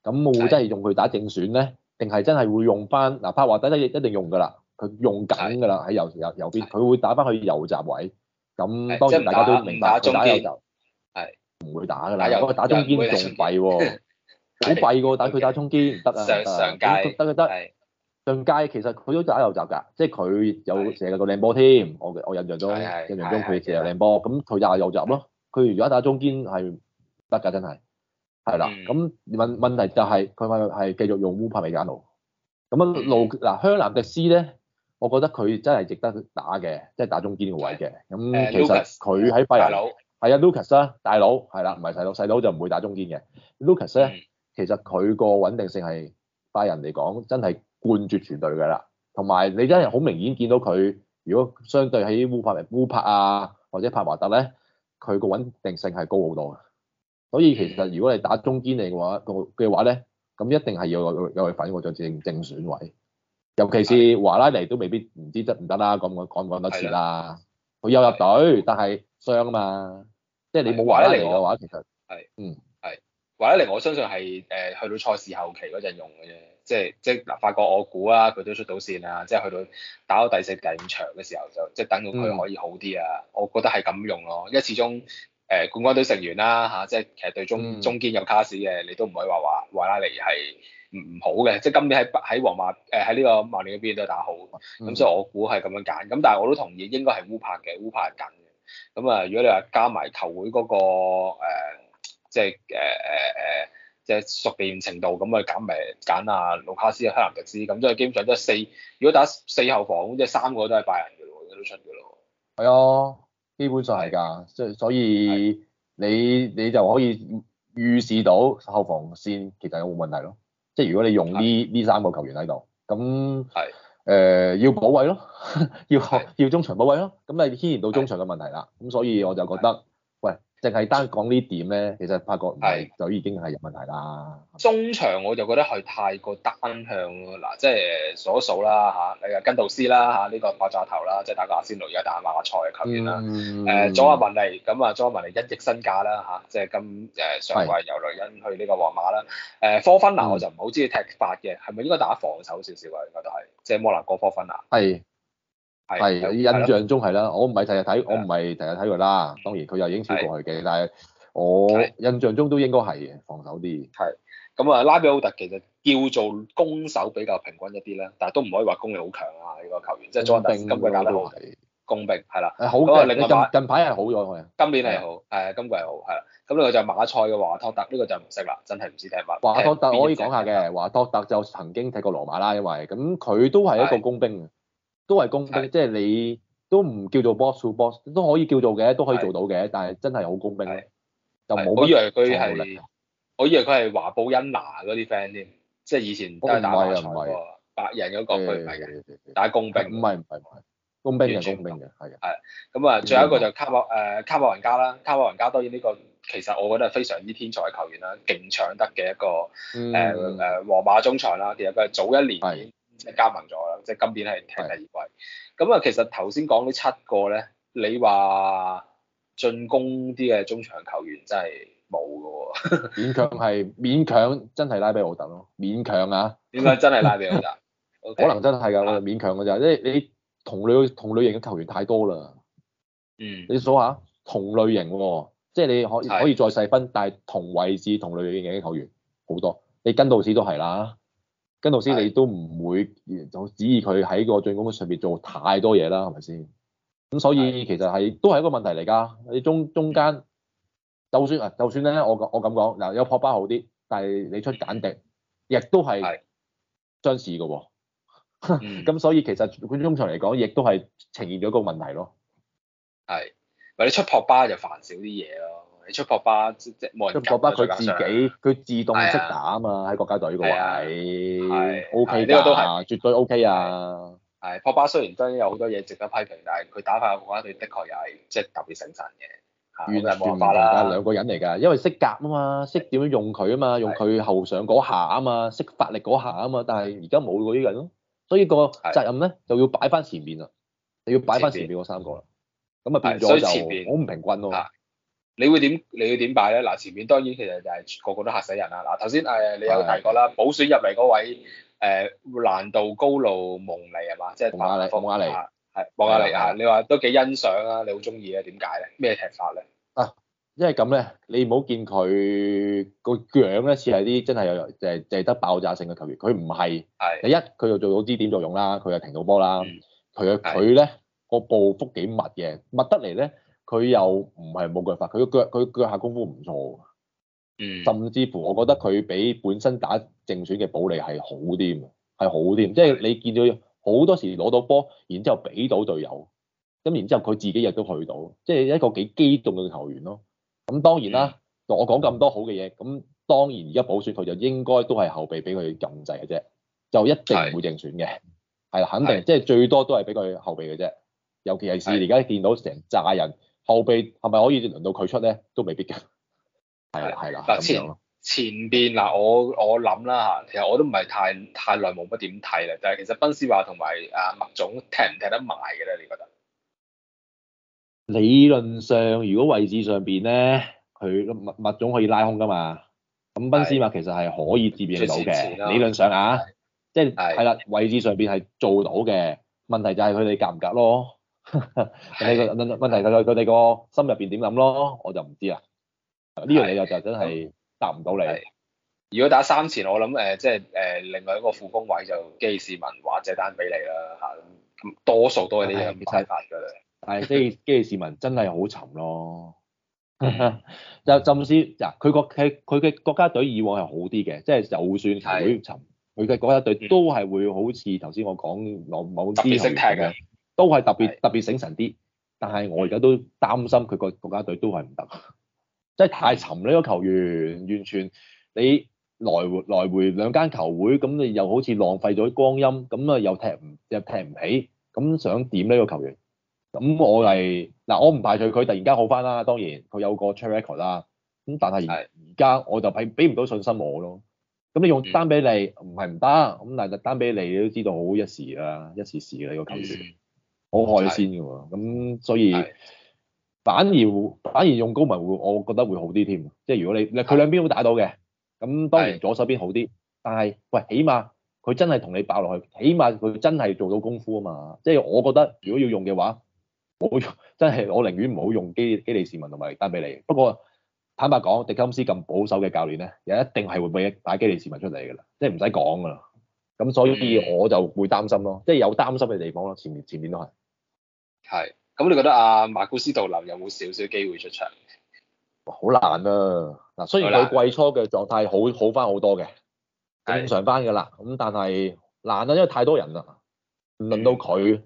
咁是的 會唔會真係用佢打正選咧？定係真係會用翻？嗱、啊，柏華底底一定用㗎啦，佢用緊㗎啦，喺右右右邊，佢會打翻去右閘位。咁當然大家都明白打右閘係唔會打㗎啦。不過打中堅仲弊喎，好弊喎！打佢打中堅唔得啊，得得得上街其實佢都打右閘㗎，即係佢有射過靚波添。我我印象中印象中佢射過靚波，咁佢又係右閘咯。佢如果打中堅係得㗎，真係係啦。咁問問題就係佢話係繼續用烏帕咪揀路。咁啊路嗱香南迪斯咧。我覺得佢真係值得打嘅，即係打中堅個位嘅。咁、嗯啊、其實佢喺拜仁係啊，Lucas 啦的哥、啊，大佬係啦，唔係細佬，細佬就唔會打中堅嘅。Lucas 咧、嗯，其實佢個穩定性係拜仁嚟講真係冠絕全隊嘅啦。同埋你真係好明顯見到佢，如果相對喺烏柏、烏柏啊或者帕華特咧，佢個穩定性係高好多。所以其實如果你打中堅嚟嘅話，個嘅話咧，咁一定係要有有反應我做正正選位。尤其是華拉尼都未必唔知得、啊、講講得唔得啦，咁我講唔講多次啦。佢又入隊，的但係傷啊嘛，的即係你冇華拉尼嘅話，其實係嗯係華拉尼，我相信係誒去到賽事後期嗰陣用嘅啫。即係即係嗱，法國我估啊，佢都出到線啊。即係去到打到第四、第五場嘅時候就，就即係等到佢可以好啲啊。嗯、我覺得係咁用咯，因為始終誒冠軍隊成員啦嚇，即係其實對中、嗯、中堅有卡士嘅，你都唔可以話話華,華拉尼係。唔唔好嘅，即係今年喺北喺皇馬，誒喺呢個曼聯嗰邊都打好，咁所以我估係咁樣揀。咁但係我都同意應該係烏柏嘅，烏柏緊嘅。咁啊，如果你話加埋球會嗰個即係誒誒誒，即係熟練程度，咁啊揀咪，揀阿魯卡斯、阿希南迪斯，咁即係基本上都係四。如果打四後防，即係三個都係拜仁嘅咯，應該都出嘅咯。係啊，基本上係㗎，即係所以的你你就可以預示到後防線其實有冇問題咯。即係如果你用呢呢三個球員喺度，咁誒的、呃、要補位咯，要要中場補位咯，咁你牽連到中場嘅問題啦。咁的所以我就覺得。淨係單講呢點咧，其實法國係就已經係有問題啦。中場我就覺得係太過單向咯。嗱，即係數數啦嚇，你又根度斯啦嚇，呢、啊呢個爆炸頭啦，即係打過阿仙奴而家打馬賽嘅球員啦。誒、嗯，佐、呃、阿文嚟，咁啊，佐阿文嚟一億身價啦嚇、啊，即係今誒上季由雷恩去呢個皇馬啦。誒是、呃，科芬納我就唔好知意踢法嘅，係咪、嗯、應該打防守少少啊？應該都係，即、就、係、是、摩納哥科芬納。係是。係，印象中係啦。我唔係成日睇，我唔係成日睇佢啦。當然佢又影超過去嘅，但係我印象中都應該係防守啲。係，咁啊，拉比奧特其實叫做攻守比較平均一啲啦，但係都唔可以話攻力好強啊。呢個球員即係左打，今季打得好，攻兵係啦，好近排係好咗佢啊？今年係好，係今季係好，係啦。咁呢個就馬賽嘅華托特，呢個就唔識啦，真係唔知聽乜。華托特我可以講下嘅，華托特就曾經踢過羅馬啦，因為咁佢都係一個工兵都係工兵，即係你都唔叫做 box to box，都可以叫做嘅，都可以做到嘅。但係真係好工兵就冇以為佢係，我以為佢係華布恩拿嗰啲 friend 添，即係以前都係打華彩白人嗰個，佢唔係嘅，打工兵。唔係唔係唔係，工兵就工兵嘅，係嘅。係咁啊，最後一個就卡馬誒卡馬雲加啦，卡馬雲加當然呢個其實我覺得係非常之天才嘅球員啦，勁搶得嘅一個誒誒皇馬中場啦。其實佢係早一年。即係加盟咗啦，即係今年係踢第二季。咁啊，其實頭先講呢七個咧，你話進攻啲嘅中場球員真係冇嘅喎，勉強係勉強，真係拉比奧特咯，勉強啊！點解真係拉比奧特， *laughs* OK，可能真係㗎，我勉強㗎咋，即係你同類同類型嘅球員太多啦。嗯。你數下，同類型喎，即係你可以是的 可以再細分，但係同位置同類型嘅球員好多。你跟到市都係啦。跟老師你都唔會有指意佢喺個進攻上邊做太多嘢啦，係咪先？咁所以其實係都係一個問題嚟㗎。你中中間就算啊，就算咧，我我咁講嗱，有普巴好啲，但係你出簡迪亦都係相似㗎喎。咁 *laughs* 所以其實佢中場嚟講，亦都係呈現咗個問題咯。係，咪你出普巴就煩少啲嘢咯。你出破巴即即冇人教，出破巴佢自己佢自動識打啊嘛，喺國家隊個位，O K 呢個都係絕對 O K 啊。係破巴雖然真係有好多嘢值得批評，但係佢打翻國家隊的確又係即係特別醒神嘅。原來冇法啦，兩個人嚟㗎，因為識夾啊嘛，識點樣用佢啊嘛，用佢後上嗰下啊嘛，識發力嗰下啊嘛，但係而家冇嗰啲人咯，所以個責任咧就要擺翻前面啦，又要擺翻前面嗰三個啦，咁啊變咗就好唔平均咯。你會點你會點擺咧？嗱，前面當然其實就係個個都嚇死人啦。嗱，頭先誒你有提過啦，的補選入嚟嗰位誒、呃、難度高路蒙尼係嘛？即係蒙阿利，蒙阿利係蒙阿利啊！你話都幾欣賞啊，你好中意啊？點解咧？咩踢法咧？啊，因為咁咧，你唔好見佢個腳咧，似係啲真係有就係淨係得爆炸性嘅球員，佢唔係。係的。第一，佢就做到支點作用啦，佢又停到波啦，佢嘅佢咧個步幅幾密嘅，密得嚟咧。佢又唔係冇腳法，佢腳佢腳下功夫唔錯，嗯、甚至乎我覺得佢比本身打正選嘅保利係好啲，係好啲，即係是的 你見到好多時攞到波，然之後俾到隊友，咁然之後佢自己亦都去到，即、就、係、是、一個幾機動嘅球員咯。咁當然啦，嗯、我講咁多好嘅嘢，咁當然而家保選佢就應該都係後備俾佢禁制嘅啫，就一定唔會正選嘅，係啦，肯定即係最多都係俾佢後備嘅啫，尤其係而家見到成扎人。後備係咪可以輪到佢出咧？都未必嘅，係啊，係啦咁樣咯。前前邊嗱，我我諗啦嚇，其實我都唔係太太耐冇乜點睇啦。就係其實賓斯馬同埋阿麥總踢唔踢得埋嘅咧？你覺得？理論上，如果位置上邊咧，佢麥麥總可以拉空噶嘛？咁賓斯馬其實係可以接應到嘅。的啊、理論上啊，即係係啦，位置上邊係做到嘅。問題就係佢哋夾唔夾咯？你個問題就佢哋個心入邊點諗咯，我就唔知啦。呢樣嘢就真係答唔到你了。如果打三前，我諗誒、呃，即係誒、呃，另外一個副工位就機士文或者單俾你啦吓。多數都係啲咁嘅睇法噶啦。係、哎，即係機士文真係好沉咯。 *laughs* *laughs* 嗯、就甚至嗱，佢國佢嘅國家隊以往係好啲嘅，即係就算佢沉，佢嘅的國家隊都係會好似頭先我講某某支識踢嘅。嗯都係特別的特別醒神啲，但係我而家都擔心佢個國家隊都係唔得，即係太沉呢個球員，完全你來回來回兩間球會，咁你又好似浪費咗啲光陰，咁啊又踢唔又踢唔起，咁想點呢個球員？咁我係嗱，我唔排除佢突然間好翻啦，當然佢有個 track 啦。咁但係而家我就俾俾唔到信心我咯。咁你用丹比利唔係唔得，咁但係丹比利你都知道好一時啦，一時時嘅呢個球員。好開先嘅喎，咁的所以的反而反而用高文會，我覺得會好啲添。即係如果你佢兩邊都打到嘅，咁的當然左手邊好啲，但係喂，起碼佢真係同你爆落去，起碼佢真係做到功夫啊嘛。即係我覺得，如果要用嘅話，冇用真係我寧願唔好用基基利士文同埋丹比利。不過坦白講，迪金斯咁保守嘅教練咧，又一定係會俾一打基利市民出嚟嘅啦，即係唔使講噶啦。咁所以我就會擔心咯，即係有擔心嘅地方咯。前面前面都係。係，咁你覺得阿、啊、馬古斯杜林有冇少少機會出場？好難啊！嗱，雖然佢季初嘅狀態好好翻好多嘅，正常翻嘅啦。咁是的 但係難啊，因為太多人啦。輪到佢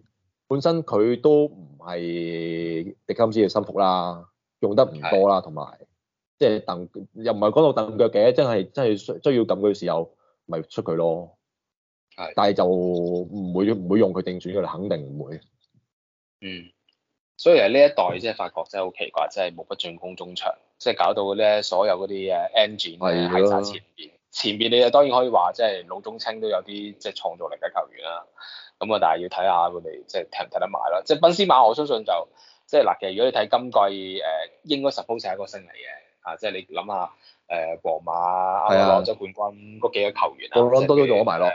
本身，佢都唔係迪金斯嘅心腹啦，用得唔多啦，同埋是的 即係等又唔係講到等腳嘅，真係真係需需要咁嘅時候咪出佢咯。係是的，但係就唔會唔會用佢定選佢，肯定唔會。嗯，所以呢一代真係發覺真係好奇怪，真係冇乜進攻中場，即係搞到咧所有嗰啲誒 engine 喺晒前邊，前邊你又當然可以話即係老中青都有啲即係創造力嘅球員啦，咁啊但係要睇下佢哋即係踢唔踢得埋咯，即係賓斯馬我相信就即係嗱其實，如果你睇今季誒應該 suppose 一個星嚟嘅啊，即係你諗下誒皇馬啱啱攞咗冠軍嗰幾個球員啊，多都仲喺埋咯。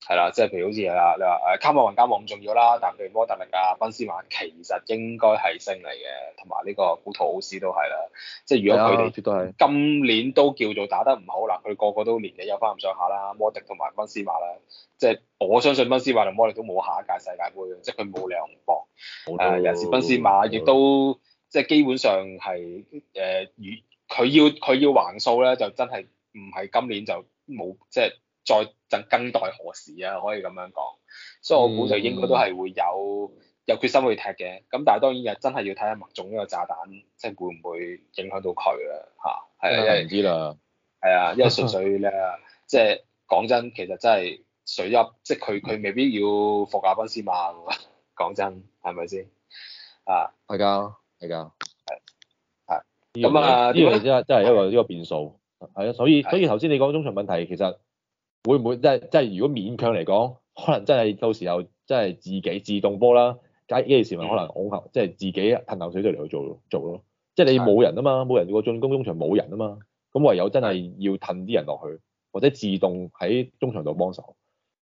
係啦，即係譬如好似啊，你話誒卡馬文加冇咁重要啦，但係譬如摩特力啊、賓斯馬其實應該係勝利嘅，同埋呢個古圖奧斯都係啦。即係如果佢哋都係今年都叫做打得唔好啦，佢的個個都年紀有翻咁上下啦。摩迪同埋賓斯馬咧，即係我相信賓斯馬同摩迪都冇下一屆世界杯，即係佢冇兩博。誒，呃、尤其是賓斯馬亦都即係基本上係誒，如、呃、佢要佢要橫掃咧，就真係唔係今年就冇即係。再等更待何時啊？可以咁樣講，所以我估就應該都係會有有決心去踢嘅。咁但係當然又真係要睇下麥總呢個炸彈，即係會唔會影響到佢啊？嚇係啊，一唔知啦。係啊，因為純粹咧，即係講真，其實真係水入即係佢佢未必要霍阿賓斯馬嘅。講真係咪先啊？係㗎，係㗎，係係。咁啊，呢個其實真係一個呢個變數。係啊，所以所以頭先你講中場問題其實。會唔會即係即係如果勉強嚟講，可能真係到時候真係自己自動波啦。解呢啲事咪可能恐嚇即係自己噴口水就嚟去做做咯。即係你冇人啊嘛，冇人個進攻中場冇人啊嘛，咁唯有真係要褪啲人落去，或者自動喺中場度幫手。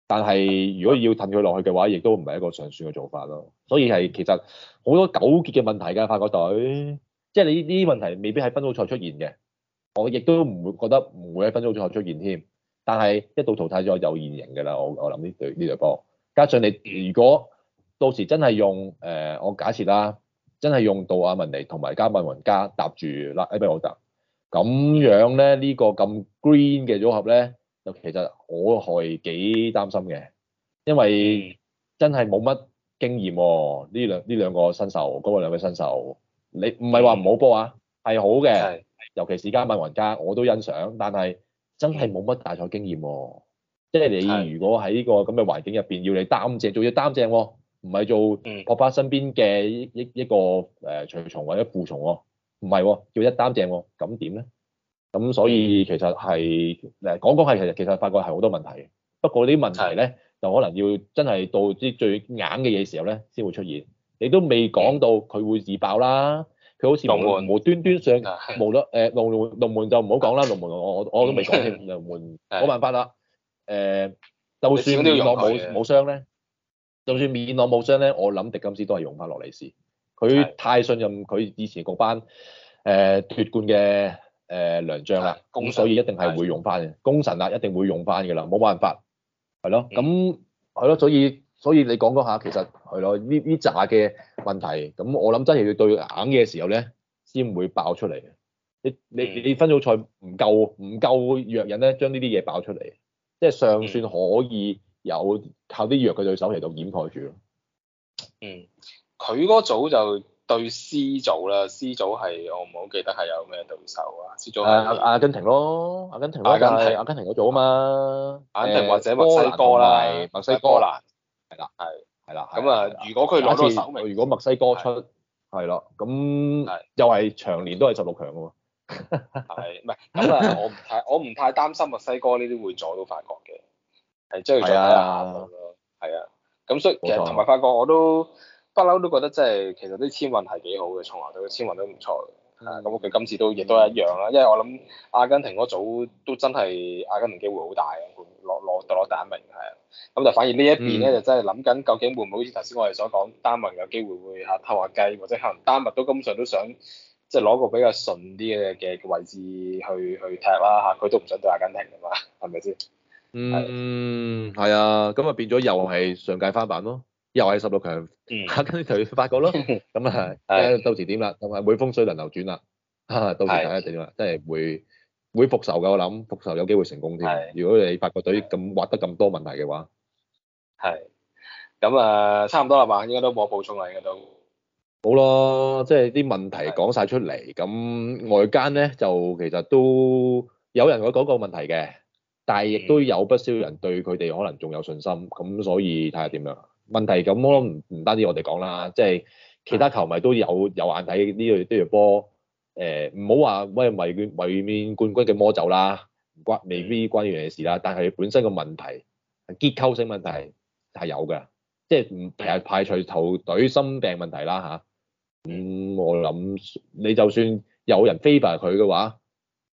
但係如果要褪佢落去嘅話，亦都唔係一個上算嘅做法咯。所以係其實好多糾結嘅問題㗎法國隊，即係你呢啲問題未必喺分組賽出現嘅，我亦都唔會覺得唔會喺分組賽出現添。但係一到淘汰咗有現形嘅啦，我我諗呢隊呢隊波，加上你如果到時真係用誒、呃，我假設啦，真係用杜亞文尼同埋加曼雲加搭住拉埃比奧特，咁樣咧呢、呢個咁 green 嘅組合咧，就其實我係幾擔心嘅，因為真係冇乜經驗喎、啊，呢兩呢兩個新手，嗰、嗰個兩位新手，你唔係話唔好波啊，係、嗯、好嘅，是尤其是加曼雲加，我都欣賞，但係。真係冇乜大賽經驗喎、哦，即係你如果喺呢個咁嘅環境入邊，要你擔正，的做要擔正喎、哦，唔係做學霸身邊嘅一一個誒隨從或者副從喎，唔係喎，叫一擔正喎、哦，咁點咧？咁所以其實係誒的講講係其實其實發覺係好多問題嘅，不過呢啲問題咧的就可能要真係到啲最硬嘅嘢時候咧先會出現，你都未講到佢會自爆啦。好似龍門無無端端上，冇咯誒，龍門龍門就唔好講啦，龍門我我都未講添，龍門冇辦法啦。誒、呃，就算面冇冇 *laughs* 傷咧，就算面冇傷咧，我諗迪金斯都係用翻羅利斯。佢太信任佢以前嗰班誒、呃、奪冠嘅誒良將啦，咁所以一定係會用翻，功臣啦，一定會用翻噶啦，冇辦法，係咯，咁係咯，所以。所以所以所以你講講下，其實係咯，呢呢紮嘅問題，咁我諗真係要對硬嘅時候咧，先會爆出嚟。你你你分組賽唔夠唔夠弱人咧，將呢啲嘢爆出嚟，即係尚算可以有靠啲弱嘅對手嚟到掩蓋住咯。嗯，佢嗰組就對 C 組啦，C 組係我唔好記得係有咩對手啊？C 組係阿阿根廷咯，阿根廷咯，係阿根廷嗰組啊嘛。阿根廷或者墨西哥啦，墨西哥啦。係啦，係係啦，咁啊，如果佢攞到首名，如果墨西哥出，係咯，咁又係長年都係十六強嘅喎，係唔係？咁啊，我唔太我唔太擔心墨西哥呢啲會阻到法國嘅，係即係阻喺下路咯，係啊，咁所以其實同埋法國我都不嬲都覺得即係其實啲簽運係幾好嘅，從嚟對佢簽運都唔錯。啊，咁佢今次都亦都係一樣啦，因為我諗阿根廷嗰組都真係阿根廷機會好大嘅，攞攞得攞第一名係啊，咁就反而邊呢一邊咧就真係諗緊究竟會唔會好似頭先我哋所講，丹麥有機會會嚇偷下雞，或者可能丹麥都根本上都想即係攞個比較順啲嘅嘅位置去去踢啦嚇，佢都唔想對阿根廷㗎嘛，係咪先？嗯，係啊，咁啊變咗又係上屆翻版咯。又係十六強，嚇！跟住隊發覺咯，咁啊，到時點啦？同埋每風水輪流轉啦，嚇！到時睇下點啦，真係會會復仇嘅，我諗復仇有機會成功添。如果你發覺隊咁挖得咁多問題嘅話，係咁啊，差唔多啦嘛，應該都冇補充嚟嘅都。好咯，即係啲問題講晒出嚟，咁外間咧就其實都有人會講個問題嘅，但係亦都有不少人對佢哋可能仲有信心，咁所以睇下點樣。問題咁，我唔唔單止我哋講啦，即、就、係、是、其他球迷都有有眼睇呢對呢對波。誒唔好話，喂，為冠為冠軍嘅魔咒啦，唔關未必關呢嘅事啦。但係本身個問題係結構性問題係有㗎，即係唔排排除球隊心病問題啦吓，咁、嗯、我諗你就算有人 f i r 佢嘅話，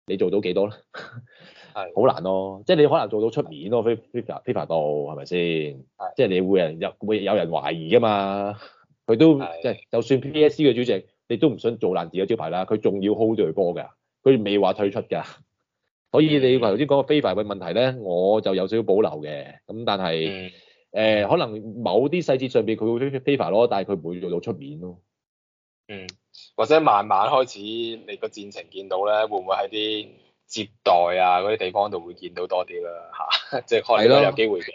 你做到幾多咧？ *laughs* 係好難咯，即係你可能做到出面咯，FIFA 到係咪先？即係你會人有會有人懷疑噶嘛？佢都即係就算 PPSC 嘅主席，你都唔想做爛自己招牌啦。佢仲要 hold 住波噶，佢未話退出噶。所以你頭先講個 FIFA 嘅問題咧，我就有少少保留嘅。咁但係誒，可能某啲細節上邊佢會 FIFA FIFA 咯，但係佢唔會做到出面咯。嗯，或者慢慢開始你個戰情見到咧，會唔會係啲？接待啊嗰啲地方度會見到多啲啦嚇，即係開啲有機會嘅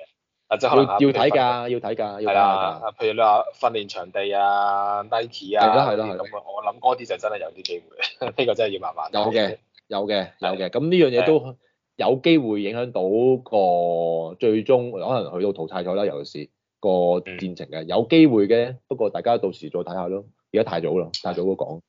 啊，的即係可能要睇㗎，要睇㗎，係啦，譬如你話訓練場地啊，Nike 啊，係咯係咯，咁我諗嗰啲就真係有啲機會，呢、呢個真係要慢慢有嘅，有嘅，有嘅，咁呢的樣嘢都有機會影響到個最終的可能去到淘汰賽啦，尤其是個戰情嘅，嗯、有機會嘅，不過大家到時再睇下咯，而家太早啦，太早都講。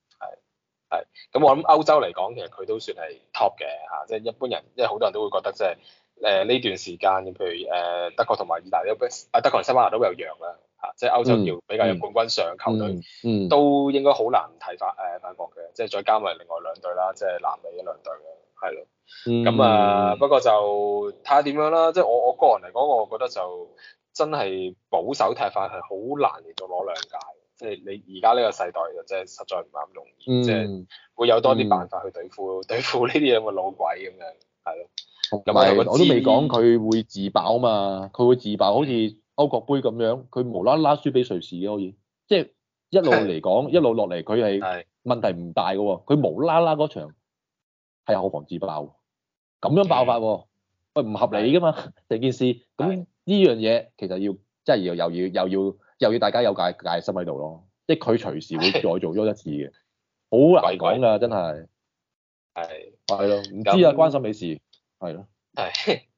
係，咁我諗歐洲嚟講，其實佢都算係 top 嘅吓，即、啊、係、就是、一般人，因為好多人都會覺得即係，誒、就、呢、是呃、段時間，譬如誒、呃、德國同埋意大利，誒、啊、德國同西班牙都有贏啦吓，即係歐洲要比較有冠軍上球隊，嗯嗯嗯、都應該好難踢法。誒法國嘅，即係再加埋另外兩隊啦，即、啊、係、就是、南美一兩隊啦，係咯，咁、嗯嗯、啊不過就睇下點樣啦，即、就、係、是、我我個人嚟講，我覺得就真係保守踢法係好難嚟到攞兩屆。即係你而家呢個世代就真係實在唔係咁容易，即係會有多啲辦法去對付對付呢啲咁嘅老鬼咁樣，係咯。唔係，我都未講佢會自爆嘛，佢會自爆，好似歐國杯咁樣，佢無啦啦輸俾瑞士嘅可以，即係一路嚟講，一路落嚟佢係問題唔大嘅喎，佢無啦啦嗰場係後防自爆，咁樣爆發喎。喂，唔合理嘅嘛，成件事，咁呢樣嘢其實要即係要又要又要。又要大家有戒戒心喺度咯，即係佢隨時會再做咗一次嘅，好難講㗎，真係的。係。係咯，唔知啊，關心美事。係咯。係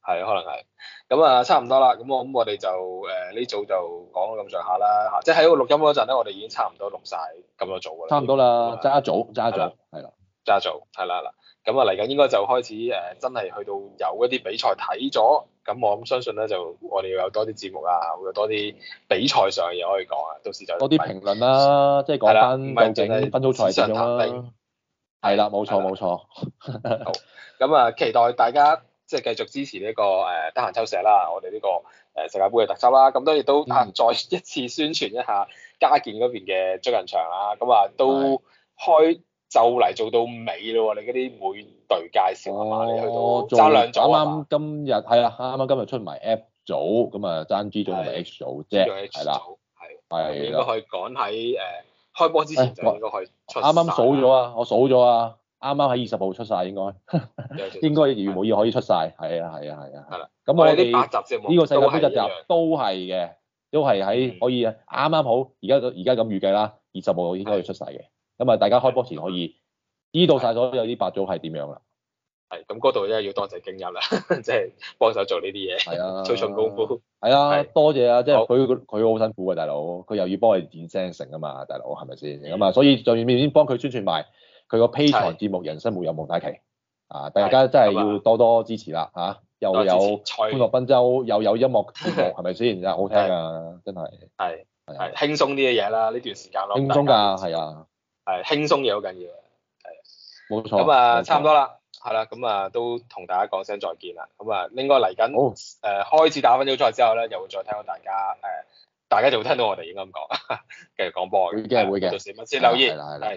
係可能係。咁啊，差唔多啦。咁我咁我哋就誒呢、呃、組就講到咁上下啦嚇，即係喺個錄音嗰陣咧，我哋已經差唔多錄晒咁多組㗎啦那。差唔多啦，揸組揸組，係啦，揸組係啦嗱。咁啊嚟緊應該就開始誒，真係去到有一啲比賽睇咗。咁我咁相信咧，就我哋要有多啲節目啊，會有多啲比賽上嘅嘢可以講啊，到時就多啲評論啦、啊，即係講翻正景、分組賽嘅啫嘛。係啦，冇錯冇錯。好，咁啊，期待大家即係繼續支持呢、這、一個得閒、呃、抽石啦，我哋呢、這個誒、呃、世界盃嘅特輯啦。咁當然都啊，再一次宣傳一下家健嗰邊嘅最人場啦。咁啊，都開的就嚟做到尾咯喎，你嗰啲每。隊介紹埋，你去到爭兩組啊！啱今日係啦，啱啱今日出埋 F 組，咁啊爭 G 組同埋 H 組啫，係啦，係啦，應該可以趕喺誒開波之前就應該可以出。啱啱數咗啊，我數咗啊，啱啱喺二十號出晒，應該，應該如果冇意可以出晒，係啊係啊係啊係啦。咁我哋呢個世界盃集集都係嘅，都係喺可以啊啱啱好，而家而家咁預計啦，二十號應該要出晒嘅。咁啊，大家開波前可以。知道晒咗，有啲 D 組係點樣啦？係咁，嗰度真係要多謝京一啦，即係幫手做呢啲嘢，粗重功夫。係啊，多謝啊！即係佢佢好辛苦啊，大佬，佢又要幫我哋剪聲成啊嘛，大佬係咪先？咁啊，所以在面先幫佢宣傳埋佢個 Patreon 節目《人生冇有蒙太奇》啊！大家真係要多多支持啦嚇！又有歡樂繽週，又有音樂節目，係咪先？真係好聽啊！真係係係輕鬆啲嘅嘢啦，呢段時間咯，輕鬆㗎係啊，係輕鬆嘢好緊要。冇錯，咁啊，差唔多啦，係啦，咁啊，都同大家講聲再見啦，咁啊，應該嚟緊誒開始打分組賽之後咧，又會再聽到大家誒，大家就會聽到我哋應該咁講，繼續講波嘅。會嘅，會嘅。先留意係啦，係啦。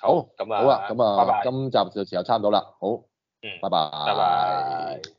好，咁啊，好啦，咁啊，今集就時候差唔多啦，好，嗯，拜拜。拜拜。